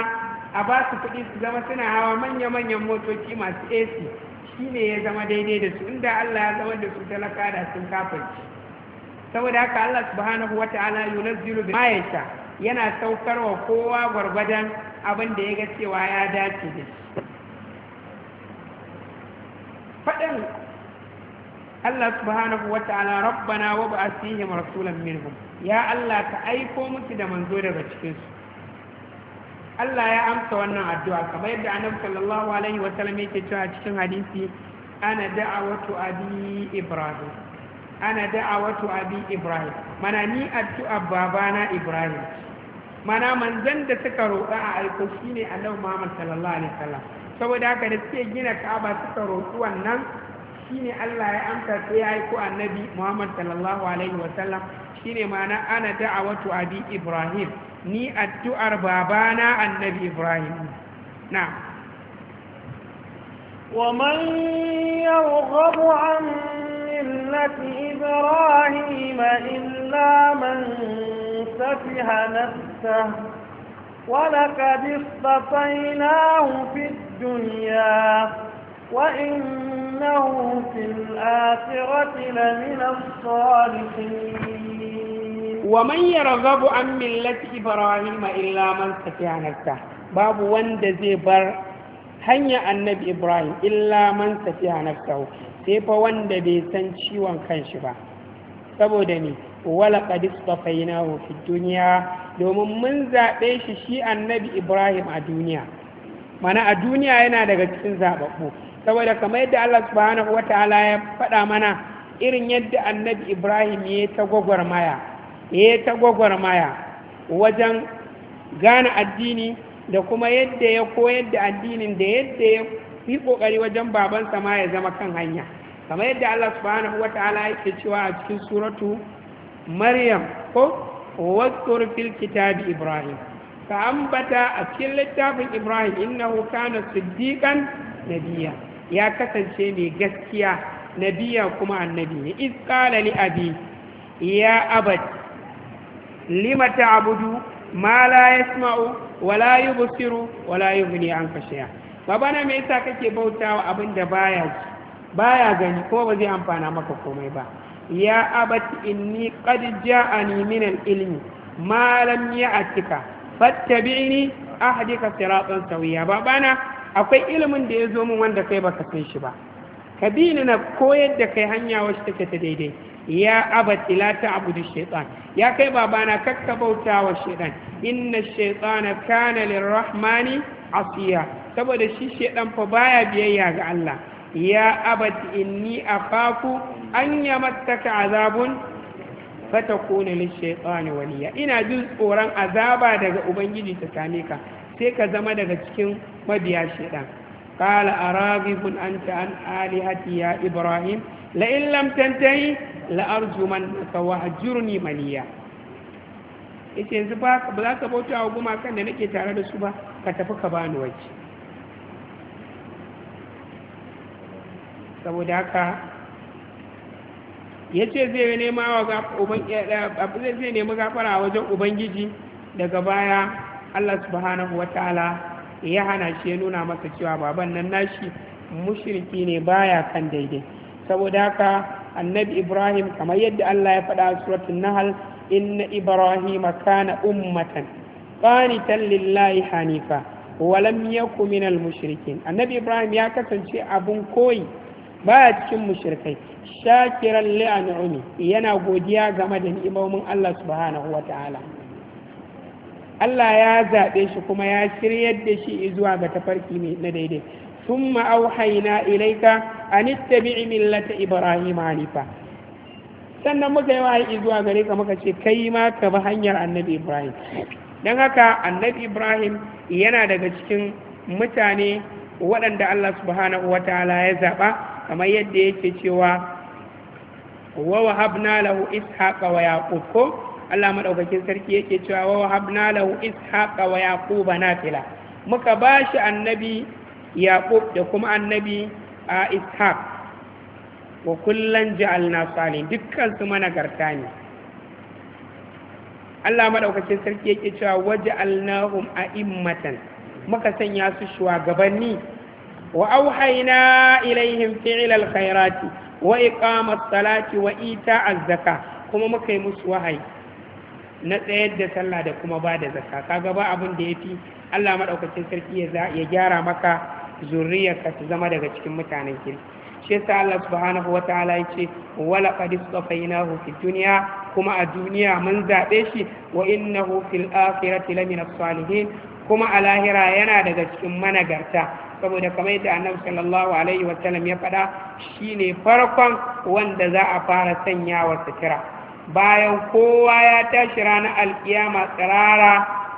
A: a ba su kuɗi su zama suna hawa manya-manyan motoci masu ac shine ya zama daidai da su inda allah ya zama da su talaka da sun kafarci saboda haka allah subhanahu wata'ala yunus bi ma'aisha yana saukarwa kowa gwargwadon abin da ya ga cewa ya dace da shi faɗin Allah subhanahu wa ta'ala rabbana wa a fihim rasulan minhum ya Allah ka aiko musu da manzo daga cikin su Allah ya amsa wannan addu'a kamar yadda Annabi sallallahu alaihi wa sallam yake cewa cikin hadisi ana da'awatu abi ibrahim ana da'awatu abi ibrahim mana ni addu'a babana ibrahim mana manzan da suka roƙa a aiko shi ne annabi muhammad sallallahu alaihi wasallam saboda haka da suke gina ka'aba suka roƙi wannan shi ne allah ya amsa sai ya aiko annabi muhammad sallallahu alaihi wasallam shi ne mana ana da'awatu abi ibrahim ni addu'ar babana annabi ibrahim na
B: ومن يرغب عن ملة إبراهيم إلا من سفه نفسه ta wadaka jisafaina fi duniya wa inna hufin asirati na minan tsoriki
C: wa
A: manyara zabu an millaci ibrahim a ilaman safiyanarta babu wanda zai bar hanya annabi ibrahim ilaman safiyanarta sai fa wanda bai san ciwon kanshi ba saboda ni. wala wa fi duniya. domin mun zaɓe shi shi annabi Ibrahim a duniya mana a duniya yana daga cikin zaɓaɓɓu saboda kamar yadda Allah subhanahu wataala ya faɗa mana irin yadda annabi Ibrahim ya ta gwagwarmaya ya ta gwagwarmaya wajen gane addini da kuma yadda ya koyar da addinin da yadda ya yi kokari wajen babansa ma ya zama kan hanya kamar yadda Allah subhanahu wataala yake cewa a cikin suratu maryam ko wadkur fil kitabi ibrahim ka ambata a cikin littafin ibrahim innahu kana siddiqan nabiyya ya kasance mai gaskiya nabiya kuma annabi ne iz qala li abi ya abad lima ta'budu ma la yasma'u wa la yubsiru wa la yughni anka shay'a babana me yasa kake bautawa abinda baya baya gani ko ba zai amfana maka komai ba ya abati inni qad ja'ani min al-ilmi ma lam ya'tika fattabi'ni ahdika siratan sawiya babana akwai ilimin da ya zo min wanda kai baka san shi ba ka bi ni na koyar da kai hanya wacce take ta daidai ya abati la ta'budu shaytan ya kai babana kakka bauta wa shaytan inna shaytana kana lirrahmani asiya saboda shi shaytan fa baya biyayya ga Allah ya abad inni afaku an yamattaka azabun fatakuna lishaitani waliya ina jin tsoron azaba daga ubangiji ta same ka sai ka zama daga cikin mabiya shaitan qala araghibun anta an alihati ya ibrahim la in lam tantahi la a wahjurni maliya yace yanzu ba za ka bauta wa gumakan da nake tare da su ba ka tafi ka bani waje saboda haka ya ce zai nema zai nemi gafara wajen ubangiji daga baya allah subhanahu wa ta'ala ya hana shi ya nuna masa cewa baban nan nashi mushriki ne baya kan daidai saboda haka annabi ibrahim kamar yadda allah ya faɗa a suratun nahal inna ibrahim kana ummatan qanitan lillahi hanifa walam yakun minal mushrikin annabi ibrahim ya kasance abun koyi baya cikin mushirkai shakiran li'an'umi yana godiya game da ni'imomin Allah subhanahu wata'ala Allah ya zaɓe shi kuma ya shiryar da shi zuwa ga tafarki na daidai ثم أوحينا إليك أن اتبع ملة Ibrahim Alifa? sannan muka yi wahayi zuwa gare ka muka ce kai ma ka bi hanyar annabi ibrahim don haka annabi ibrahim yana daga cikin mutane waɗanda allah subhanahu ta'ala ya zaɓa kamar yadda yake cewa wa habna lahu ishaqa wa yaqub ko Allah madaukakin sarki yake cewa wa habna lahu ishaqa wa yaqub nafila muka bashi annabi yaqub da kuma annabi a ishaq wa kullan ja'alna salih dukkan su garta ne Allah madaukakin sarki yake cewa waja'alnahum a'immatan muka sanya su shugabanni wa auhaina ilaihim fi'ilal khairati wa iqamat salati wa ita zaka kuma muka yi musu wahayi na tsayar da sallah da kuma ba da zaka kaga ba abin da yafi Allah madaukakin sarki ya gyara maka ka ta zama daga cikin mutanen kirki shi yasa Allah subhanahu wataala yace wala qad istafaynahu fid dunya kuma a duniya mun zabe shi wa innahu fil akhirati lamina salihin kuma a lahira yana daga cikin managarta saboda kamar yadda annabi sallallahu alaihi wasallam ya faɗa shine farkon wanda za a fara sanya wa sutura bayan kowa ya tashi ranar alkiyama tsirara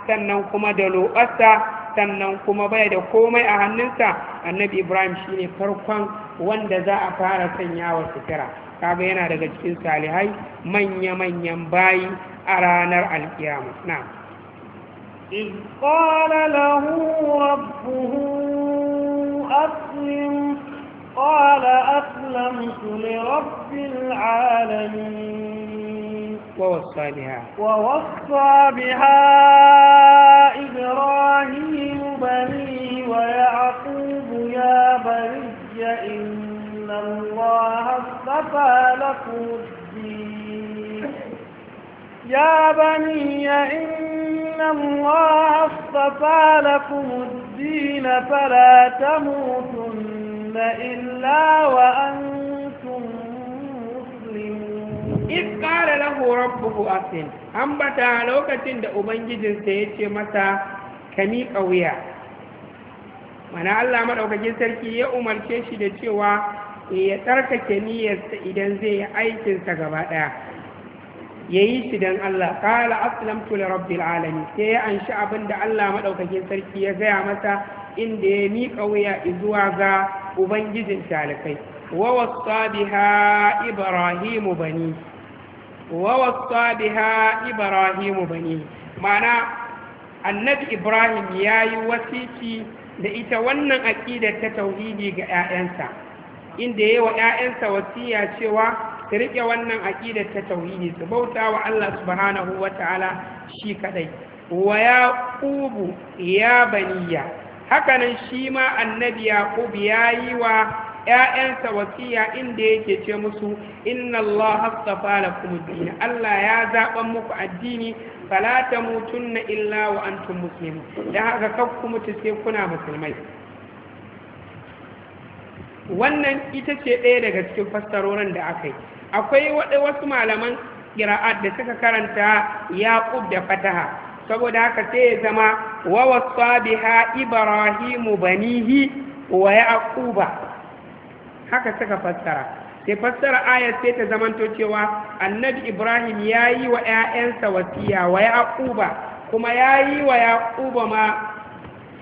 A: sannan kuma da lobarsa sannan kuma bai da komai a hannunsa annabi ibrahim shine farkon wanda za a fara sanya wa sutura kaga yana daga cikin salihai manya-manyan bayi a ranar alkiyama na'am
C: إذ
B: قال له ربه أسلم قال أسلمت لرب العالمين
A: ووصى بها
B: ووصى بها إبراهيم بنيه ويعقوب يا بني إن الله اصطفى لكم الدين يا بني إن إن الله اصطفى لكم الدين فلا تموتن إلا وأنتم مسلمون
A: إذ قال له ربه أسن أنبتا لو كتند أبنجد سيتي متى كمي قوية mana Allah maɗaukakin sarki ya umarce shi da cewa ya tsarkake niyyarsa idan zai yi aikinsa gaba ɗaya ya yi shi don Allah Kala aslamtu li rabbil alamin sai ya anshi abin da Allah maɗaukakin sarki ya gaya masa inda ya mika wuya zuwa ga ubangijin talikai wa wasa biha ibrahimu bani wa wasa biha ibrahimu bani Ma'ana annabi ibrahim ya yi wasiki da ita wannan aƙidar ta tauhidi ga 'ya'yansa inda ya yi wa 'ya'yansa wasiya cewa su riƙe wannan aƙidar ta tauhidi su bauta wa Allah subhanahu wa ta'ala shi kadai wa yaqubu ya baniya hakanan shi ma annabi yaqub yayi wa ‘ya'yansa wasiya inda yake ce musu inna Allah hastafa lakum ad-din Allah ya zaɓan muku addini fala tamutunna illa wa antum muslimun da haka kakku mutu sai kuna musulmai wannan ita ce ɗaya daga cikin fassarorin da aka yi akwai wasu malaman ƙira'at da suka karanta yaqub da fataha saboda haka sai ya zama wa wasa biha ibrahimu banihi wa yaquba haka suka fassara sai fassara ayat sai ta zamanto cewa annabi ibrahim yayi wa ƴaƴansa wasiya wa yaquba kuma yayi wa yaquba ma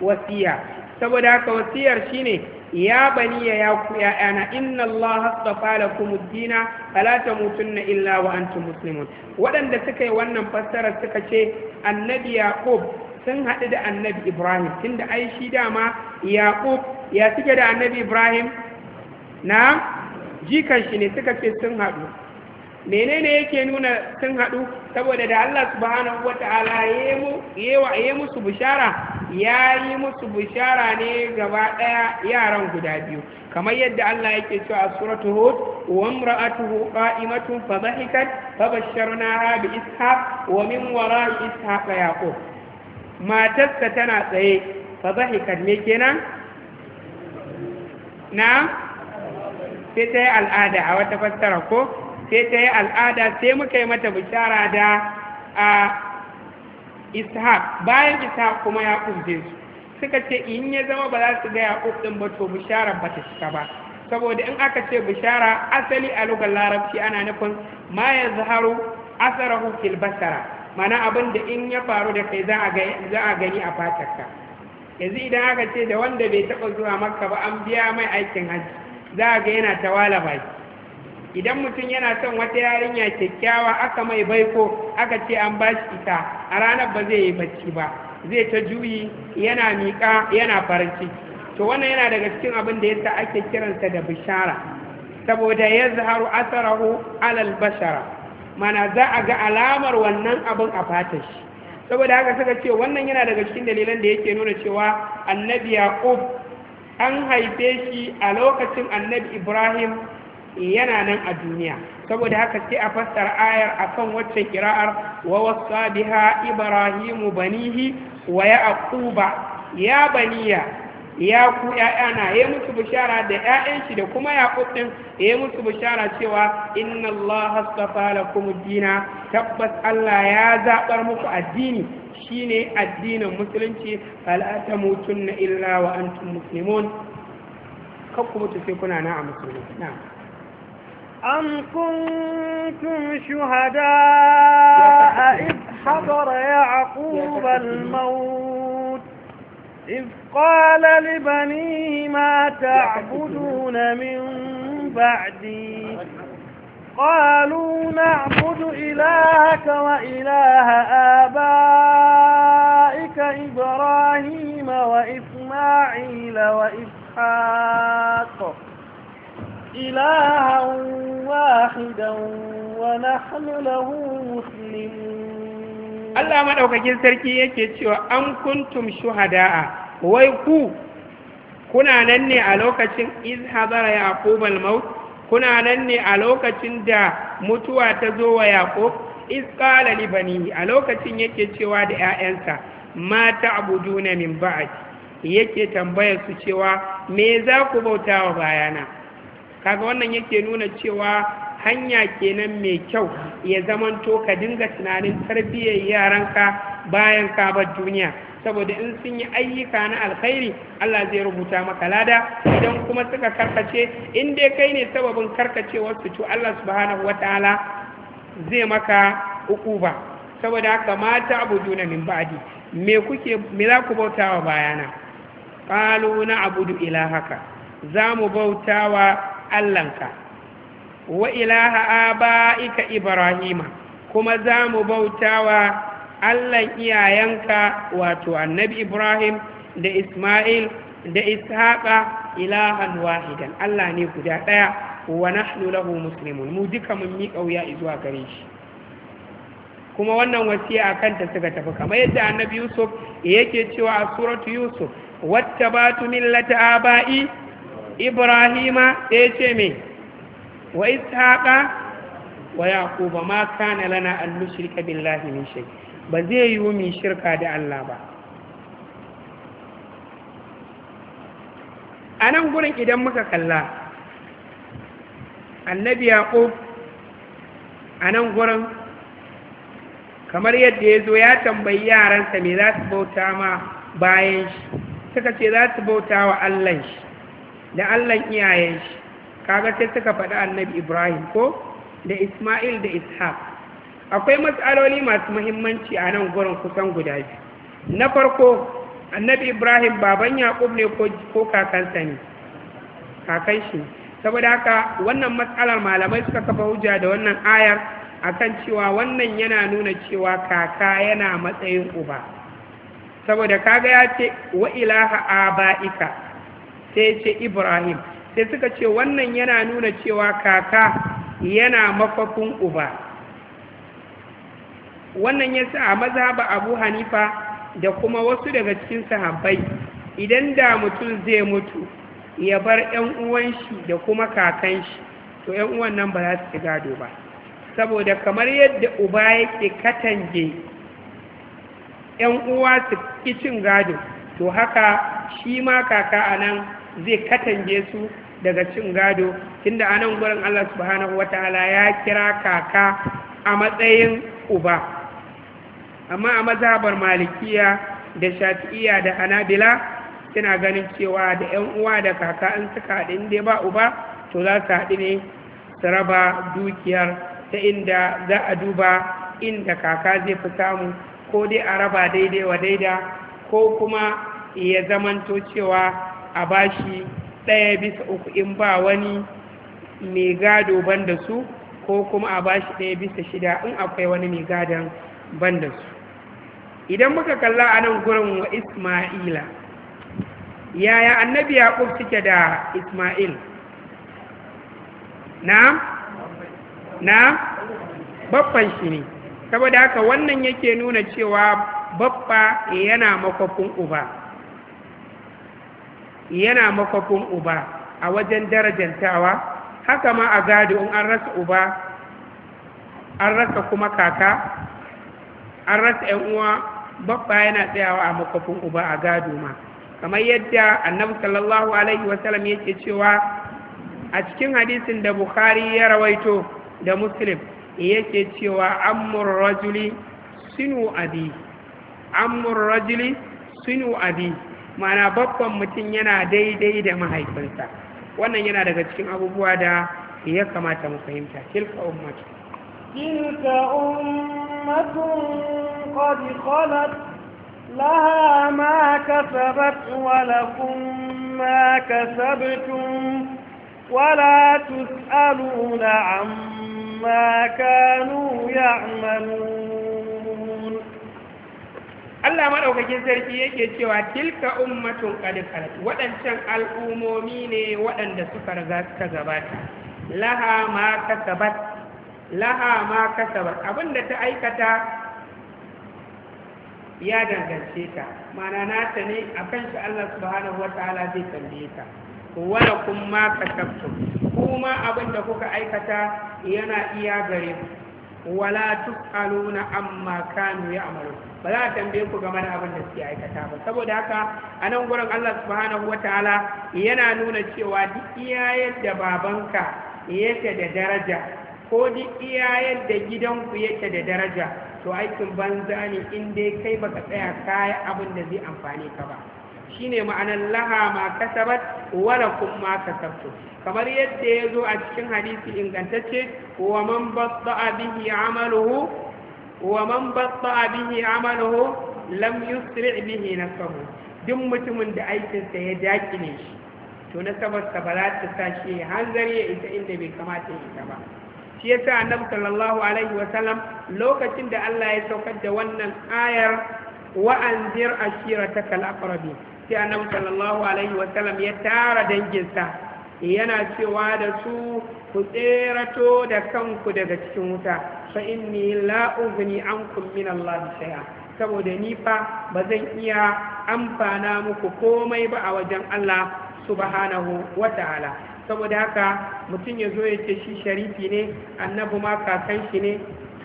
A: wasiya saboda haka wasiyar shine ya bani ya ku ya'yana inna Allah astafa lakum ad-dina fala tamutunna illa wa antum muslimun waɗanda suka yi wannan fassara suka ce annabi yaqub sun haɗu da annabi ibrahim tunda ai shi dama yaqub ya suke da annabi ibrahim na jikan shi ne suka ce sun haɗu menene yake nuna sun haɗu saboda da Allah subhanahu wata'ala ya yi musu bishara ya yi musu bishara ne gaba ɗaya yaran guda biyu kamar yadda Allah yake cewa a suratu hud wa imra'atuhu qa'imatun fa dhahikat fa basharnaha bi ishaq wa min wara'i ishaq yaqub matarsa tana tsaye fa dhahikat me kenan na sai al'ada a wata fassara ko sai ta yi al'ada sai muka yi mata bishara da a ishaq bayan ishaq kuma ya ƙubje su suka ce in ya zama ba za su ga ya ɗin ba to bishara ba ta cika ba saboda in aka ce bishara asali a lugar larabci ana nufin ma ya zaharu asarahu fil basara mana abin da in ya faru da kai za a gani a fatarka yanzu idan aka ce da wanda bai taɓa zuwa makka ba an biya mai aikin hajji za a ga yana tawala baki idan mutum yana son wata yarinya kyakkyawa aka mai baiko aka ce an ba shi ita a ranar ba zai yi bacci ba zai ta juyi yana miƙa yana farin ciki to wannan yana daga cikin abin da yasa ake kiransa da bishara saboda ya zaharu asarahu alal bashara mana za a ga alamar wannan abin a fatar shi saboda haka suka ce wannan yana daga cikin dalilan da yake nuna cewa annabi yaqub an haife shi a lokacin annabi ibrahim yana nan a duniya saboda haka sai a fassara ayar akan wacce kira'ar wa wasa biha ibrahimu banihi wa yaquba ya baniya ya ku ya'yana ya musu bishara da ya'yan shi da kuma yaqub din ya musu bishara cewa inna allaha astafa lakum dina tabbas allah ya zabar muku addini shine addinin musulunci fala tamutunna illa wa antum muslimun kakku mutu sai kuna na a musulmi na'am
B: أم كنتم شهداء إذ حضر يعقوب الموت إذ قال لبنيه ما تعبدون من بعدي قالوا نعبد إلهك وإله آبائك إبراهيم وإسماعيل وإسحاق إلها واحدا ونحن له مسلمون
A: الله ما دوكاكين سركي yake cewa an kuntum shuhada'a wai ku kuna nan ne a lokacin iz hadara yaqub al-maut kuna nan ne a lokacin da mutuwa ta zo wa yaqub iz qala li banihi a lokacin yake cewa da 'ya'yansa, mata ta'buduna min ba'di yake tambaya su cewa me za ku bautawa bayana kaga wannan yake nuna cewa hanya kenan mai kyau ya zamanto ka dinga tunanin tarbiyyar yaranka bayan ka bar duniya saboda in sun yi ayyuka na alkhairi Allah zai rubuta maka lada idan kuma suka karkace in dai kai ne sababin karkacewar su to Allah subhanahu wataala zai maka ukuba saboda haka mata abuduna min ba'di me kuke me za ku bautawa bayana qalu na abudu ilahaka za mu bautawa Allahnka wa ilaha aba'ika Ibrahima kuma za mu bautawa Allahn iyayenka wato annabi Ibrahim da Ismail da Ishaqa ilahan wahidan Allah ne guda ɗaya wa nahnu lahu muslimun mu duka mun miƙa wuya zuwa gare shi kuma wannan wasiya akan ta suka tafi kamar yadda annabi Yusuf yake cewa a suratu Yusuf wattabatu millata aba'i ibrahima ya ce me wa haƙa wa Ba ma kane lana an nushrika billahi min ba zai yi wumi shirka da Allah ba a nan gurin idan muka kalla annabi yaqub a nan gurin kamar yadda ya zo ya tambayi yaransa me za su bauta ma bayan shi suka ce za su bauta wa Allah shi da Allah iyayen shi kaga sai suka faɗi annabi Ibrahim ko da Ismail da Ishaq akwai matsaloli masu muhimmanci a nan gurin kusan guda biyu na farko annabi Ibrahim baban Yaqub ne ko ko kakansa ne kakan shi saboda haka wannan matsalar malamai suka kafa hujja da wannan ayar akan cewa wannan yana nuna cewa kaka yana matsayin uba saboda kaga ya ce wa ilaha aba'ika sai ce ibrahim sai suka ce wannan yana nuna cewa kaka yana mafakun uba wannan ya sa a mazhaba abu hanifa da kuma wasu daga cikin sahabbai idan da mutum zai mutu ya bar 'yan uwan shi da kuma kakan shi to 'yan uwan nan ba za su gado ba saboda kamar yadda uba yake katange 'yan uwa su cin gado to haka shi ma kaka a nan zai katange su daga cin gado tunda a nan gurin Allah subhanahu ta'ala ya kira kaka a matsayin uba amma a mazhabar malikiya da shafi'iya da Anabila suna ganin cewa da yan uwa da kaka in suka haɗu inda ba uba to za su haɗu ne su raba dukiyar ta inda za a duba inda kaka zai fi samu ko dai a raba daidai wa daida ko kuma ya zamanto cewa a bashi ɗaya bisa uku in ba wani mai gado ban da su ko kuma a bashi ɗaya bisa shida in akwai wani mai gadon ban da su idan muka kalla a nan gurin wa ismaila yaya annabi yaƙub suke da ismail na
C: na babban
A: shi ne saboda haka wannan yake nuna cewa babba yana makwafin uba yana makwafin uba a wajen darajantawa haka ma a gado in an rasa uba an rasa kuma kaka an rasa yan uwa babba yana tsayawa a makwafin uba a gado ma kamar yadda annabi sallallahu alaihi wasallam yake cewa a cikin hadisin da bukhari ya rawaito da muslim yake cewa amur rajuli sinu abi amur rajuli sinu abi Ma'ana babban mutum yana daidai da mahaifinsa wannan yana daga cikin abubuwa da ya kamata mu fahimta tilka ummatu
B: tilka ummatu qad khalat laha ma kasabat wa lakum ma kasabtum la tus'aluna amma kanu ya'malun
A: Allah maɗaukakin sarki yake cewa tilka ummatun qad khalat waɗancan al'umomi ne waɗanda suka riga suka gabata laha ma kasabat laha ma kasabat abinda ta aikata ya dangance ta mana nata ne akan shi Allah subhanahu wataala zai tambaye ta wala ma kasabtu kuma abinda kuka aikata yana iya gare ku wala tusaluna amma kanu ya'malun ba za a tambaye ku game da abin da suke aikata ba saboda haka a nan gurin Allah subhanahu ta'ala yana nuna cewa duk iyayen da babanka yake da daraja ko duk iyayen da gidanku yake da daraja to aikin banza ne in dai kai baka tsaya kayan abin da zai amfane ka ba shine ma'anar laha ma kasabat wala kun ma kasabtu kamar yadda ya zo a cikin hadisi ingantacce wa man batta bihi amaluhu ومن بطأ به عمله lam yusri bihi nasabu duk mutumin da aikinsa ya dakile shi to na nasabarsa ba za ta sa shi hanzari ya isa inda bai kamata ya ita ba shi yasa annabi sallallahu alaihi wa sallam lokacin da Allah ya saukar da wannan ayar wa anzir ashirataka al-aqrabi sai annabi sallallahu alaihi wa sallam ya tara danginsa yana cewa da su ku tserato da kanku daga cikin wuta fa inni la ankum min Allah shay'a saboda ni fa bazan iya amfana muku komai ba a wajen Allah subhanahu wataala saboda haka mutum ya zo ya ce shi sharifi ne annabi ma kakan shi ne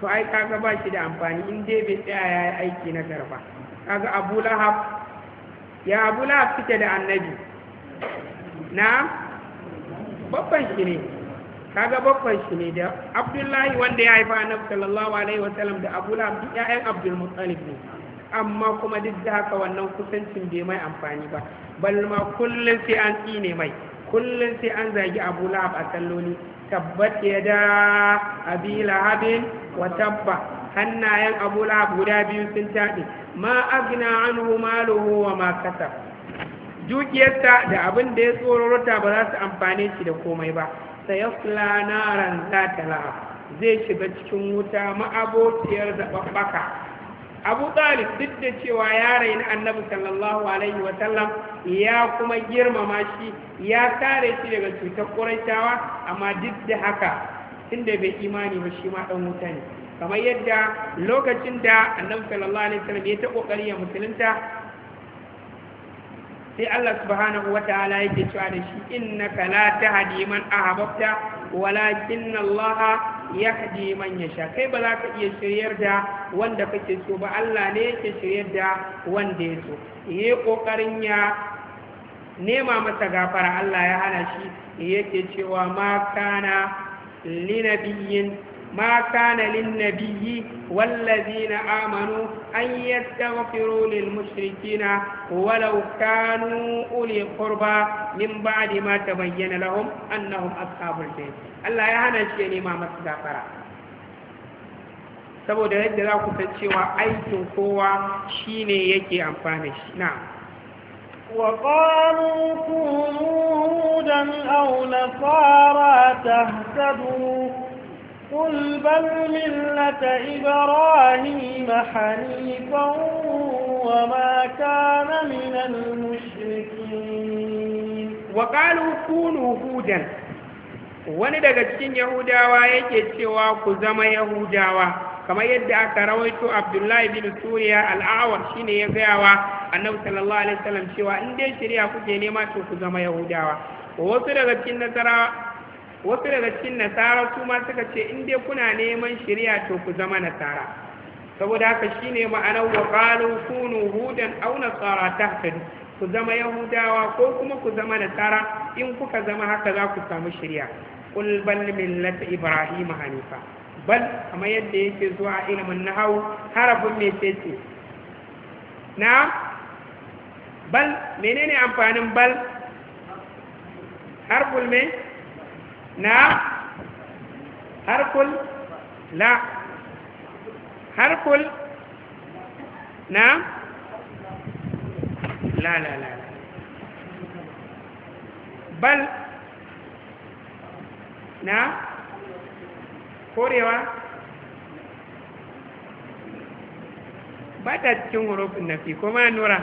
A: to ai kaga ba shi da amfani in dai bai tsaya ya yi aiki na garba kaga abu lahab ya abu lahab fita da annabi na'am babban shi ne kaga babban shi ne da abdullahi wanda ya haifa annabi sallallahu alaihi wasallam da abu lahab duk ƴaƴan abdul muttalib ne amma kuma duk da haka wannan kusancin bai mai amfani ba bal ma kullun sai an tsine mai kullun sai an zagi abu lahab a salloli tabbat da abi lahabin wa tabba hannayen abu lahab guda biyu sun taɗe ma agna anhu maluhu wa ma kasab dukiyarta da abin da ya tsororota ba za su amfane shi da komai ba sai ya fula naran za ta la'a zai shiga cikin wuta ma'abociyar zaɓaɓɓaka abu talib duk da cewa ya raina annabi sallallahu alaihi wasallam ya kuma girmama shi ya kare shi daga cutar ƙurashawa amma duk da haka tunda bai imani ba shi ma ɗan wuta ne kamar yadda lokacin da annabi sallallahu alaihi wasallam ya ta kokari ya musulunta sai Allah subhanahu wa ta'ala yake cewa da shi innaka la tahdi man ahbabta walakin Allah yahdi man yasha kai ba za ka iya shiryar da wanda kake so ba Allah ne yake shiryar da wanda ya so yayi kokarin ya nema masa gafara Allah ya hana shi yake cewa ma kana linabiyin ما كان للنبي والذين آمنوا أن يستغفروا للمشركين ولو كانوا أولي قربا من بعد ما تبين لهم أنهم أصحاب الجحيم الله يهنا شيء ما مستغفر سبو yadda za ku san cewa aikin kowa يكي أنفانش نعم
B: وقالوا كونوا هودا أو نصارى تهتدوا قل بل ملة إبراهيم حنيفا وما كان من المشركين
A: وقالوا كونوا هودا wani daga cikin yahudawa yake cewa ku zama yahudawa kamar yadda aka rawaito abdullahi bin suriya al'awar shine ya gayawa annabi sallallahu alaihi wasallam cewa in dai shari'a kuke nema to ku zama yahudawa wasu daga cikin nasara wasu daga cikin nasara su ma suka ce in dai kuna neman shirya to ku zama nasara saboda haka shine ma'anar wa qalu kunu hudan aw nasara tahtadi ku zama yahudawa ko kuma ku zama nasara in kuka zama haka za ku samu shirya qul bal millata ibrahim hanifa bal kamar yadda yake zuwa ilimin nahawu harafin ce na bal menene amfanin bal harful mai na harkul la harkul na la la la bal na korewa ba ta cikin hurufin nafi kuma nura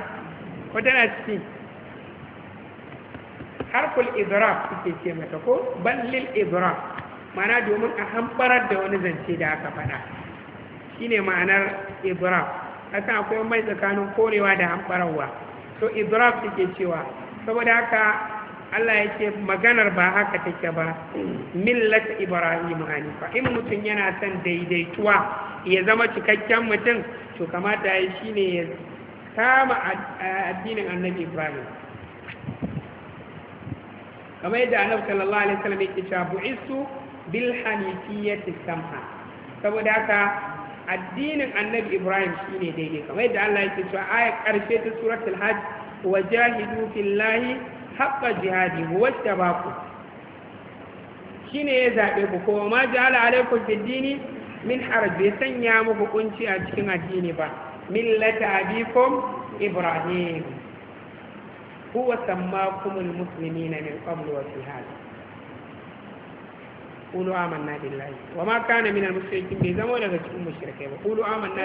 A: ko tana cikin. harkul idrak suke ce mata ko ballil idrak ma'ana domin a hambarar da wani zance da aka faɗa shine ma'anar idrak haka akwai mai tsakanin korewa da hambararwa to idrak suke cewa saboda haka Allah ya ce maganar ba haka take ba millat Ibrahim hanifa in mutum yana son daidaituwa ya zama cikakken mutum to kamata ya shine ya kama addinin annabi Ibrahim kamar yadda annabi sallallahu alaihi wasallam yake cewa bu'istu bil hanifiyyati samha saboda haka addinin annabi ibrahim shine daidai kamar yadda Allah yake cewa ayat karshe ta suratul hajj wajahidu fillahi haqqa jihadi huwa tabaku shine ya zabe ku ko ma ja'ala alaikum fid dini min haraj bai sanya muku kunci a cikin addini ba millata abikum ibrahim huwa sammakumul muslimina min qabl wa fi hada qulu amanna billahi wa amanna billahi qulu unzila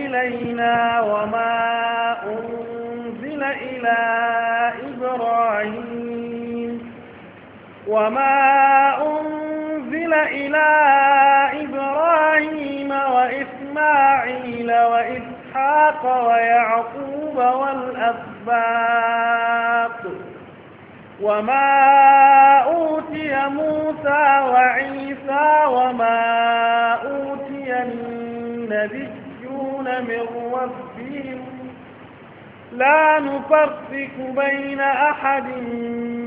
B: ilaina wa unzila ila ibrahim wa unzila ila وإسماعيل وإسحاق ويعقوب والأسباط وما أوتي موسى وعيسى وما أوتي النبيون من ربهم لا نفرق بين أحد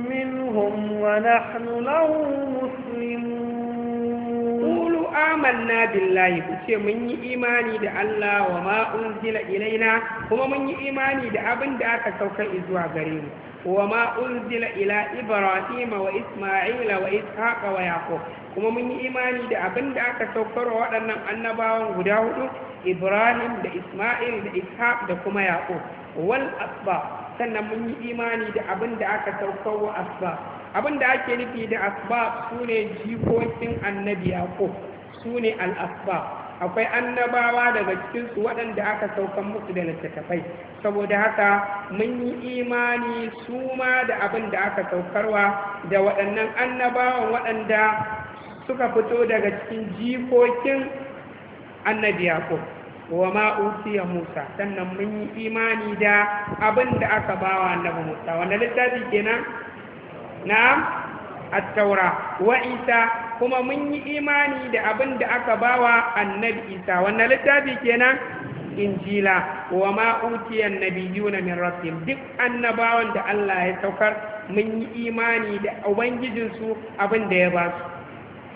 B: منهم ونحن له مسلمون
A: amanna billahi ku ce mun yi imani da Allah wa ma unzila ilaina kuma mun yi imani da abin da aka saukar zuwa gare mu wa ma unzila ila ibrahima wa isma'ila wa ishaqa wa yaqub kuma mun yi imani da abin da aka sauka wa waɗannan annabawan guda hudu ibrahim da isma'il da ishaq da kuma yaqub wal asba sannan mun yi imani da abin da aka sauka wa asba abin da ake nufi da asbab sune jikokin annabi yaqub su ne al'asba akwai annabawa daga cikinsu waɗanda aka saukan musu da littattafai saboda haka mun yi imani su ma da abin da aka saukarwa da waɗannan annabawan waɗanda suka fito daga cikin jikokin annabi yaƙub wa ma'usiya musa sannan mun yi imani da abin da aka bawa annabi musa wanda littafi kenan na a taura waita kuma mun yi imani da abin da aka bawa annabi isa wannan littafi kenan injila wa ma nabiyuna min rabbihim duk annabawan da Allah ya saukar mun yi imani da ubangijin su abin da ya ba su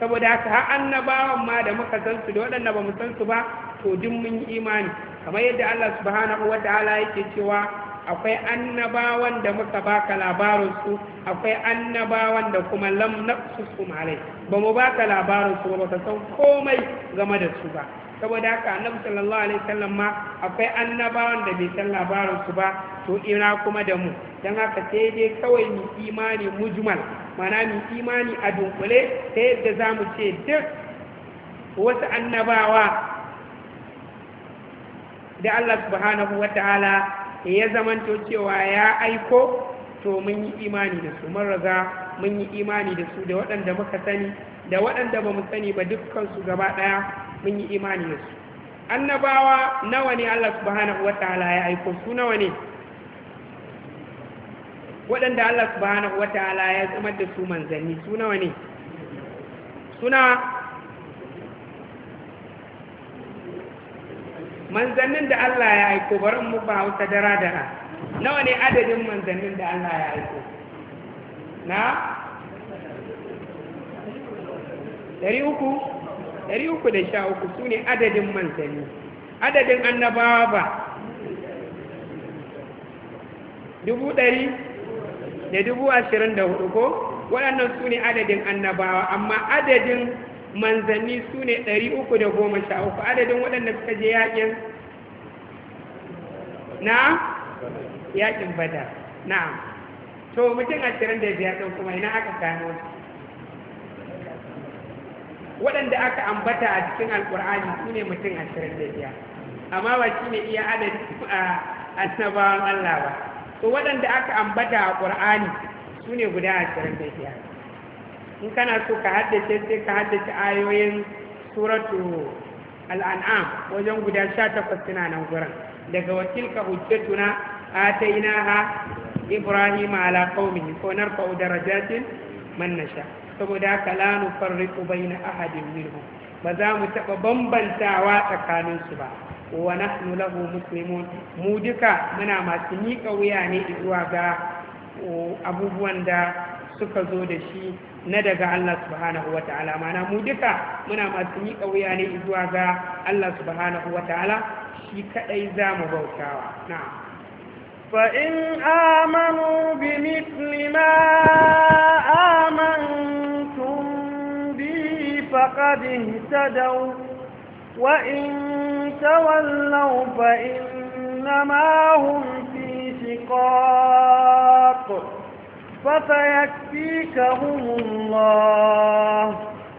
A: saboda haka har annabawan ma da muka san su da waɗanda ba mu san su ba to duk mun yi imani kamar yadda Allah subhanahu wa ta'ala yake cewa akwai annabawan da muka baka labarinsu akwai annabawan da kuma lam su alai ba mu baka labarinsu ba ka san komai game da su ba saboda haka annabi sallallahu alaihi wasallam ma akwai annabawan da bai san labarinsu ba to ina kuma da mu dan haka sai dai kawai mu imani mujmal mana mu imani a dunkule ta yadda zamu ce duk wasu annabawa da Allah subhanahu ta'ala ya zamanto cewa ya aiko to mun yi imani da su mun raza mun yi imani da su da waɗanda muka sani da waɗanda ba mu sani ba dukkansu gaba ɗaya mun yi imani da su annabawa nawa ne Allah subhanahu wataala ya aiko su nawa ne waɗanda Allah subhanahu wataala ya zama da su manzanni su nawa ne suna manzannin da Allah ya aiko bari mu ba wata dara dara nawa ne adadin manzannin da Allah ya aiko na Dari uku dari uku da sha uku su ne adadin manzanni adadin annabawa ba dubu ɗari da dubu ashirin da hudu ko waɗannan su ne adadin annabawa amma adadin manzanni su ne 313 adadin waɗanda suka je yakin na yakin bada na to mutum 25 ɗin kuma ina aka gano waɗanda aka ambata a cikin alƙur'ani su ne mutum 25 amma ba shi ne iya adadin annabawan Allah ba to waɗanda aka ambata a ƙur'ani su ne guda 25 in kana so ka haddace sai ka haddace ayoyin suratu al'an'am wajen guda sha takwas suna nan gurin daga wakilka hujjatuna atainaha ibrahim ala qaumihi ko narfa'u darajatin man nasha saboda haka la nufarriqu baina ahadin minhum ba za mu taɓa bambantawa tsakaninsu ba wa nahnu lahu muslimun mu duka muna masu mika wuya ne zuwa ga uh, abubuwan da suka zo da shi na daga Allah subhanahu wa ta'ala mana mu duka muna masu yi wuya ne zuwa ga Allah subhanahu wa ta'ala shi kaɗai za mu bautawa na fa'in
B: amanu bi mitli ma amantum bi faqad ihtadaw wa in tawallaw fa innama fi shiqaq فسيكفيكهم
A: الله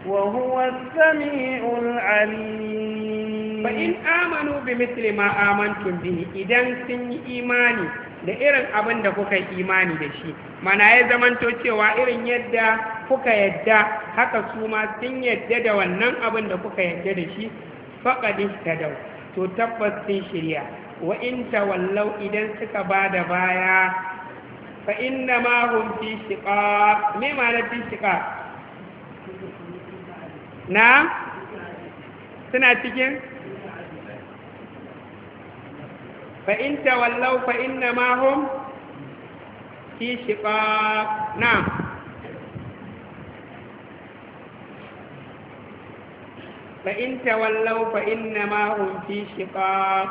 A: وهو السميع العليم فإن آمنوا بمثل ما آمنتم به إذا سن إيماني da irin abin da kuka imani da shi mana ya zamanto cewa irin yadda kuka yadda haka su ma sun yadda da wannan abin da kuka yadda da shi faƙaɗin tadau to tabbas sun shirya wa in tawallau idan suka ba da baya fa inna ma hum fi shiqaq me mana fi shiqaq na
C: suna cikin fa in wallau fa inna ma
A: hum fi shiqaq na fa in wallau fa inna ma hum fi shiqaq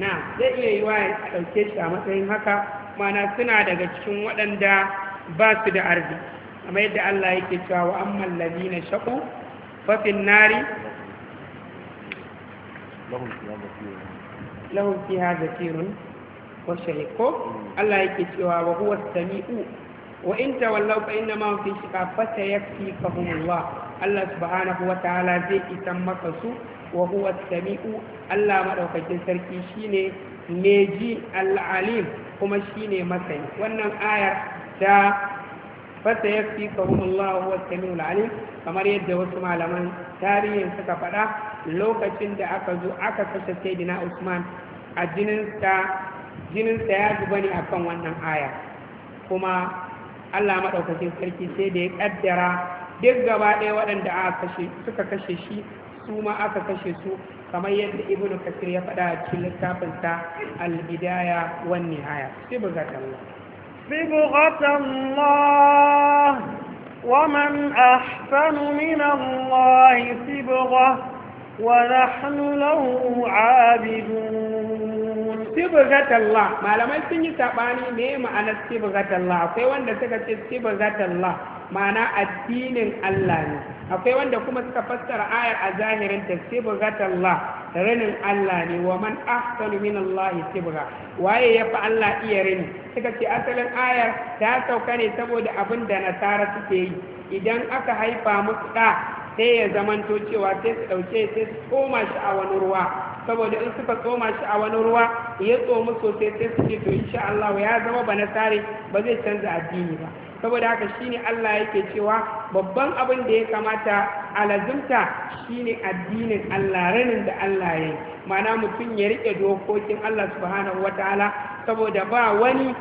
A: na zai iya yi wa ya ɗauke shi a matsayin haka mana suna daga cikin waɗanda ba su da arzi. amma yadda Allah yake cewa wa amman ladina shaqu fa fil nari lahum fiha zakirun wa shayqu Allah yake cewa wa huwa samiu wa in tawallaw fa inna ma fi shiqaq fa sayakfikuhumullah Allah subhanahu wa ta'ala zai isan maka su wa huwa samiu Allah madaukakin sarki shine meji ji al'alim kuma shi ne masani wannan ayar ta fasa ya fi wa wasu alim kamar yadda wasu malaman tarihin suka faɗa lokacin da aka zo aka kashe saidina usman a jininsa ya zuba ne akan wannan aya kuma allah maɗaukacin sarki sai da ya ƙaddara duk gaba ɗaya waɗanda suka kashe shi su ma aka kashe su kamar yadda ibn kasir ya faɗa cikin littafin ta al-bidaya wan nihaya sai bugata Allah
B: bi bugata Allah wa man ahsanu min Allah sibgha
A: wa nahnu lahu abidun sibgata Allah malamai sun yi sabani me ma'anar sibgata Allah akwai wanda suka ce sibgata Allah ma'ana addinin Allah ne akwai wanda kuma suka fassara ayar a zahirin ta Allah rinin Allah ne wa man ahsanu min Allah sibgha waye ya fa Allah iya rini suka ce asalin ayar ta sauka ne saboda abin da nasara suke yi idan aka haifa musu da sai ya zamanto cewa sai su ɗauke sai su tsoma shi a wani ruwa saboda in suka tsoma shi a wani ruwa ya tsomu sosai sai su ce to insha Allah ya zama ba nasare ba zai canza addini ba saboda haka shine Allah yake cewa babban abin da ya kamata a lazimta shine addinin Allah ranin da Allah ya yi ma'ana mutum ya riƙe dokokin Allah subhanahu wataala saboda ba wani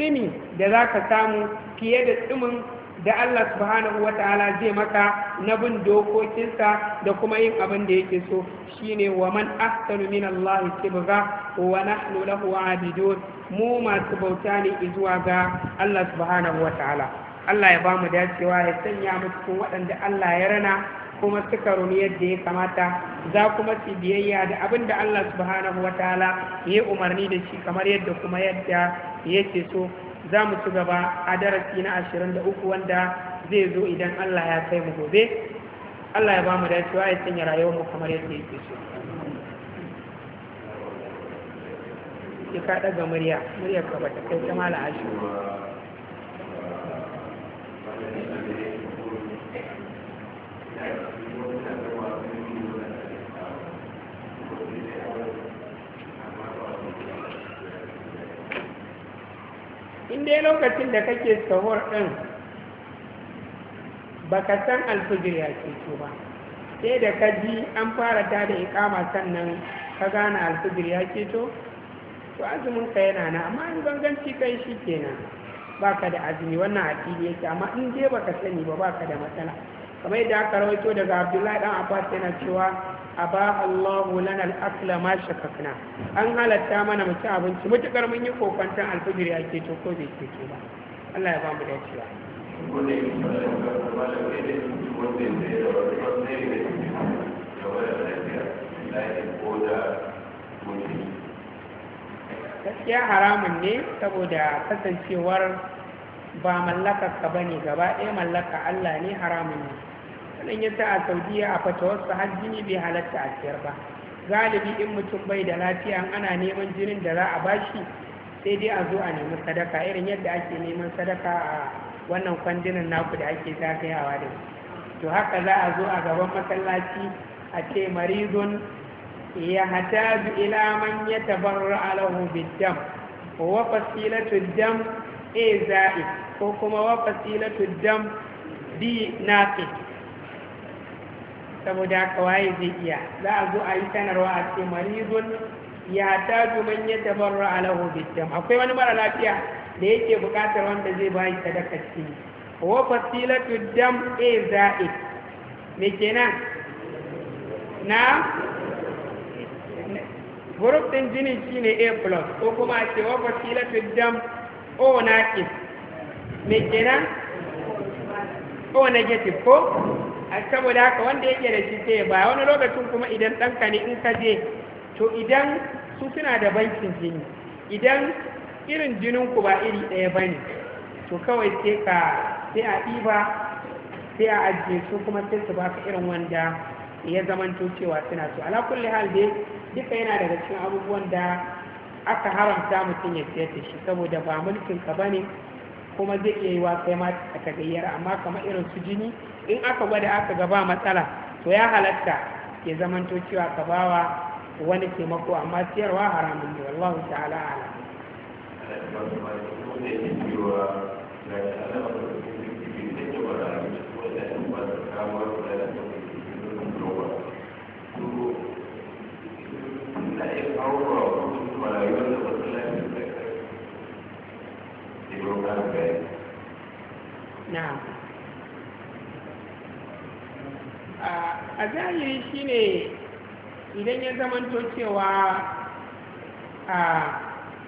A: tsimi da za ka samu fiye da tsimin da Allah subhanahu ta'ala zai maka na bin dokokinsa da kuma yin abin da yake so shine wa man ahsanu min Allah tibgha wa nahnu lahu abidun mu masu bauta ne zuwa ga Allah subhanahu ta'ala. Allah ya ba mu dacewa ya sanya mu cikin waɗanda Allah ya rana kuma suka runi yadda ya kamata za kuma su biyayya da abin da Allah subhanahu ta'ala ya umarni da shi kamar yadda kuma yadda yake so za mu ci gaba a darasi na ashirin da uku wanda zai zo idan Allah ya kai mu gobe Allah ya ba mu dacewa ya sanya rayuwar mu kamar yadda ya yake so sai ka daga murya murya ka bata kai ta mala ashi in dai lokacin da kake sahur ɗin baka san alfijir ya ce ba sai da ka ji an fara ta da ikama sannan ka gane alfijir ya to. to azumin ka yana na amma in ganganci kai shi kenan baka da azumi wannan addini yake amma in dai baka sani ba baka da matsala kamar yadda aka rawaito daga Abdullahi dan Abbas yana cewa aba Allahu lana al-akla ma shakakna an halatta mana mu abinci mutukar mun yi kokantan alfijiri ake to ko bai ke ba Allah ya ba mu dacewa gaskiya haramun ne saboda kasancewar ba mallaka ka ne gaba ɗaya mallaka Allah ne haramun ne sannan sa a saudiya a fatawarsa har jini bai halatta a siyar ba galibi in mutum bai da lafiya ana neman jinin da za a bashi sai dai a zo a nemi sadaka irin yadda ake neman sadaka a wannan kwandinan naku da ake zagayawa da to haka za a zo a gaban masallaci a ce marizon يحتاج إلى من يتبرع له بالدم وفصيلة الدم A za’i ko kuma wa fasilatu dam B naqid saboda kawai zai iya za a zo a yi sanarwa a ce maridun ya taju man ya tabarra alahu dam. akwai wani mara lafiya da yake bukatar wanda zai bayi sadaka ce wa fasilatu dam A za’i, me kenan na Guruf ɗin jinin shine a plus ko kuma a cewa fasilatul dam o na naqis me kenan o negative ko a saboda haka wanda yake da shi sai ba wani lokacin kuma idan ɗanka ne in ka je to idan su suna da bankin jini idan irin jinin ku ba iri ɗaya ba ne to kawai sai ka sai a ɗiba sai a ajiye su kuma sai su baka irin wanda ya zamanto cewa suna so ala kulli dai duka yana daga cikin abubuwan da aka haramta mutum ya siyar da shi saboda ba mulkin ka bane kuma zai iya yi wa kai ma ta gayyara amma kamar irin su jini in aka gwada aka gaba matsala to ya halatta ya to cewa ka bawa wani taimako amma siyarwa haramun ne wallahu ta'ala ala ya zamanto cewa a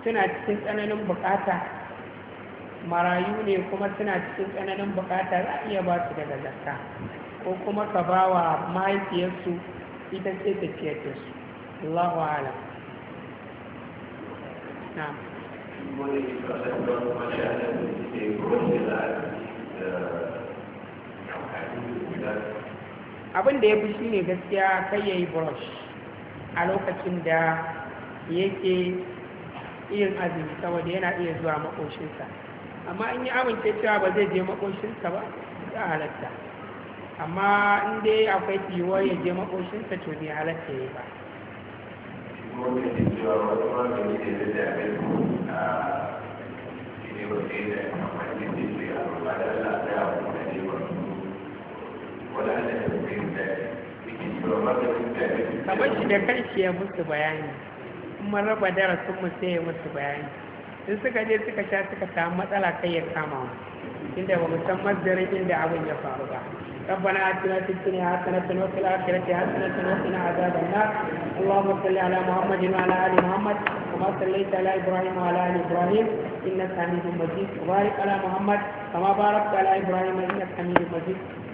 A: suna cikin tsananin bukata marayu ne kuma suna cikin tsananin bukata za a iya ba su daga zarta ko kuma ka ba wa mahaifiyarsu ita ce ta ciyar ta su Allahu ala abin da ya fi shi ne gaskiya kai ya yi brush a lokacin da yake yin azumi saboda yana iya zuwa makoshinsa amma in yi amince cewa ba zai je makoshinsa ba za a halatta amma in dai akwai tiwo ya je makoshinsa to bai halatta ya yi ba
C: wadanda da suke da
A: kamar shi da kanshi ya musu bayani kuma raba darasin mu sai ya musu bayani in suka je suka sha suka samu matsala kai ya kama mu inda ba mu san mazdarin inda abin ya faru ba ربنا آتنا في الدنيا حسنة وفي الآخرة حسنة وقنا عذاب النار اللهم صل على محمد وعلى آل محمد كما صليت على إبراهيم وعلى آل إبراهيم إنك حميد مجيد وبارك على محمد كما باركت على إبراهيم إنك حميد مجيد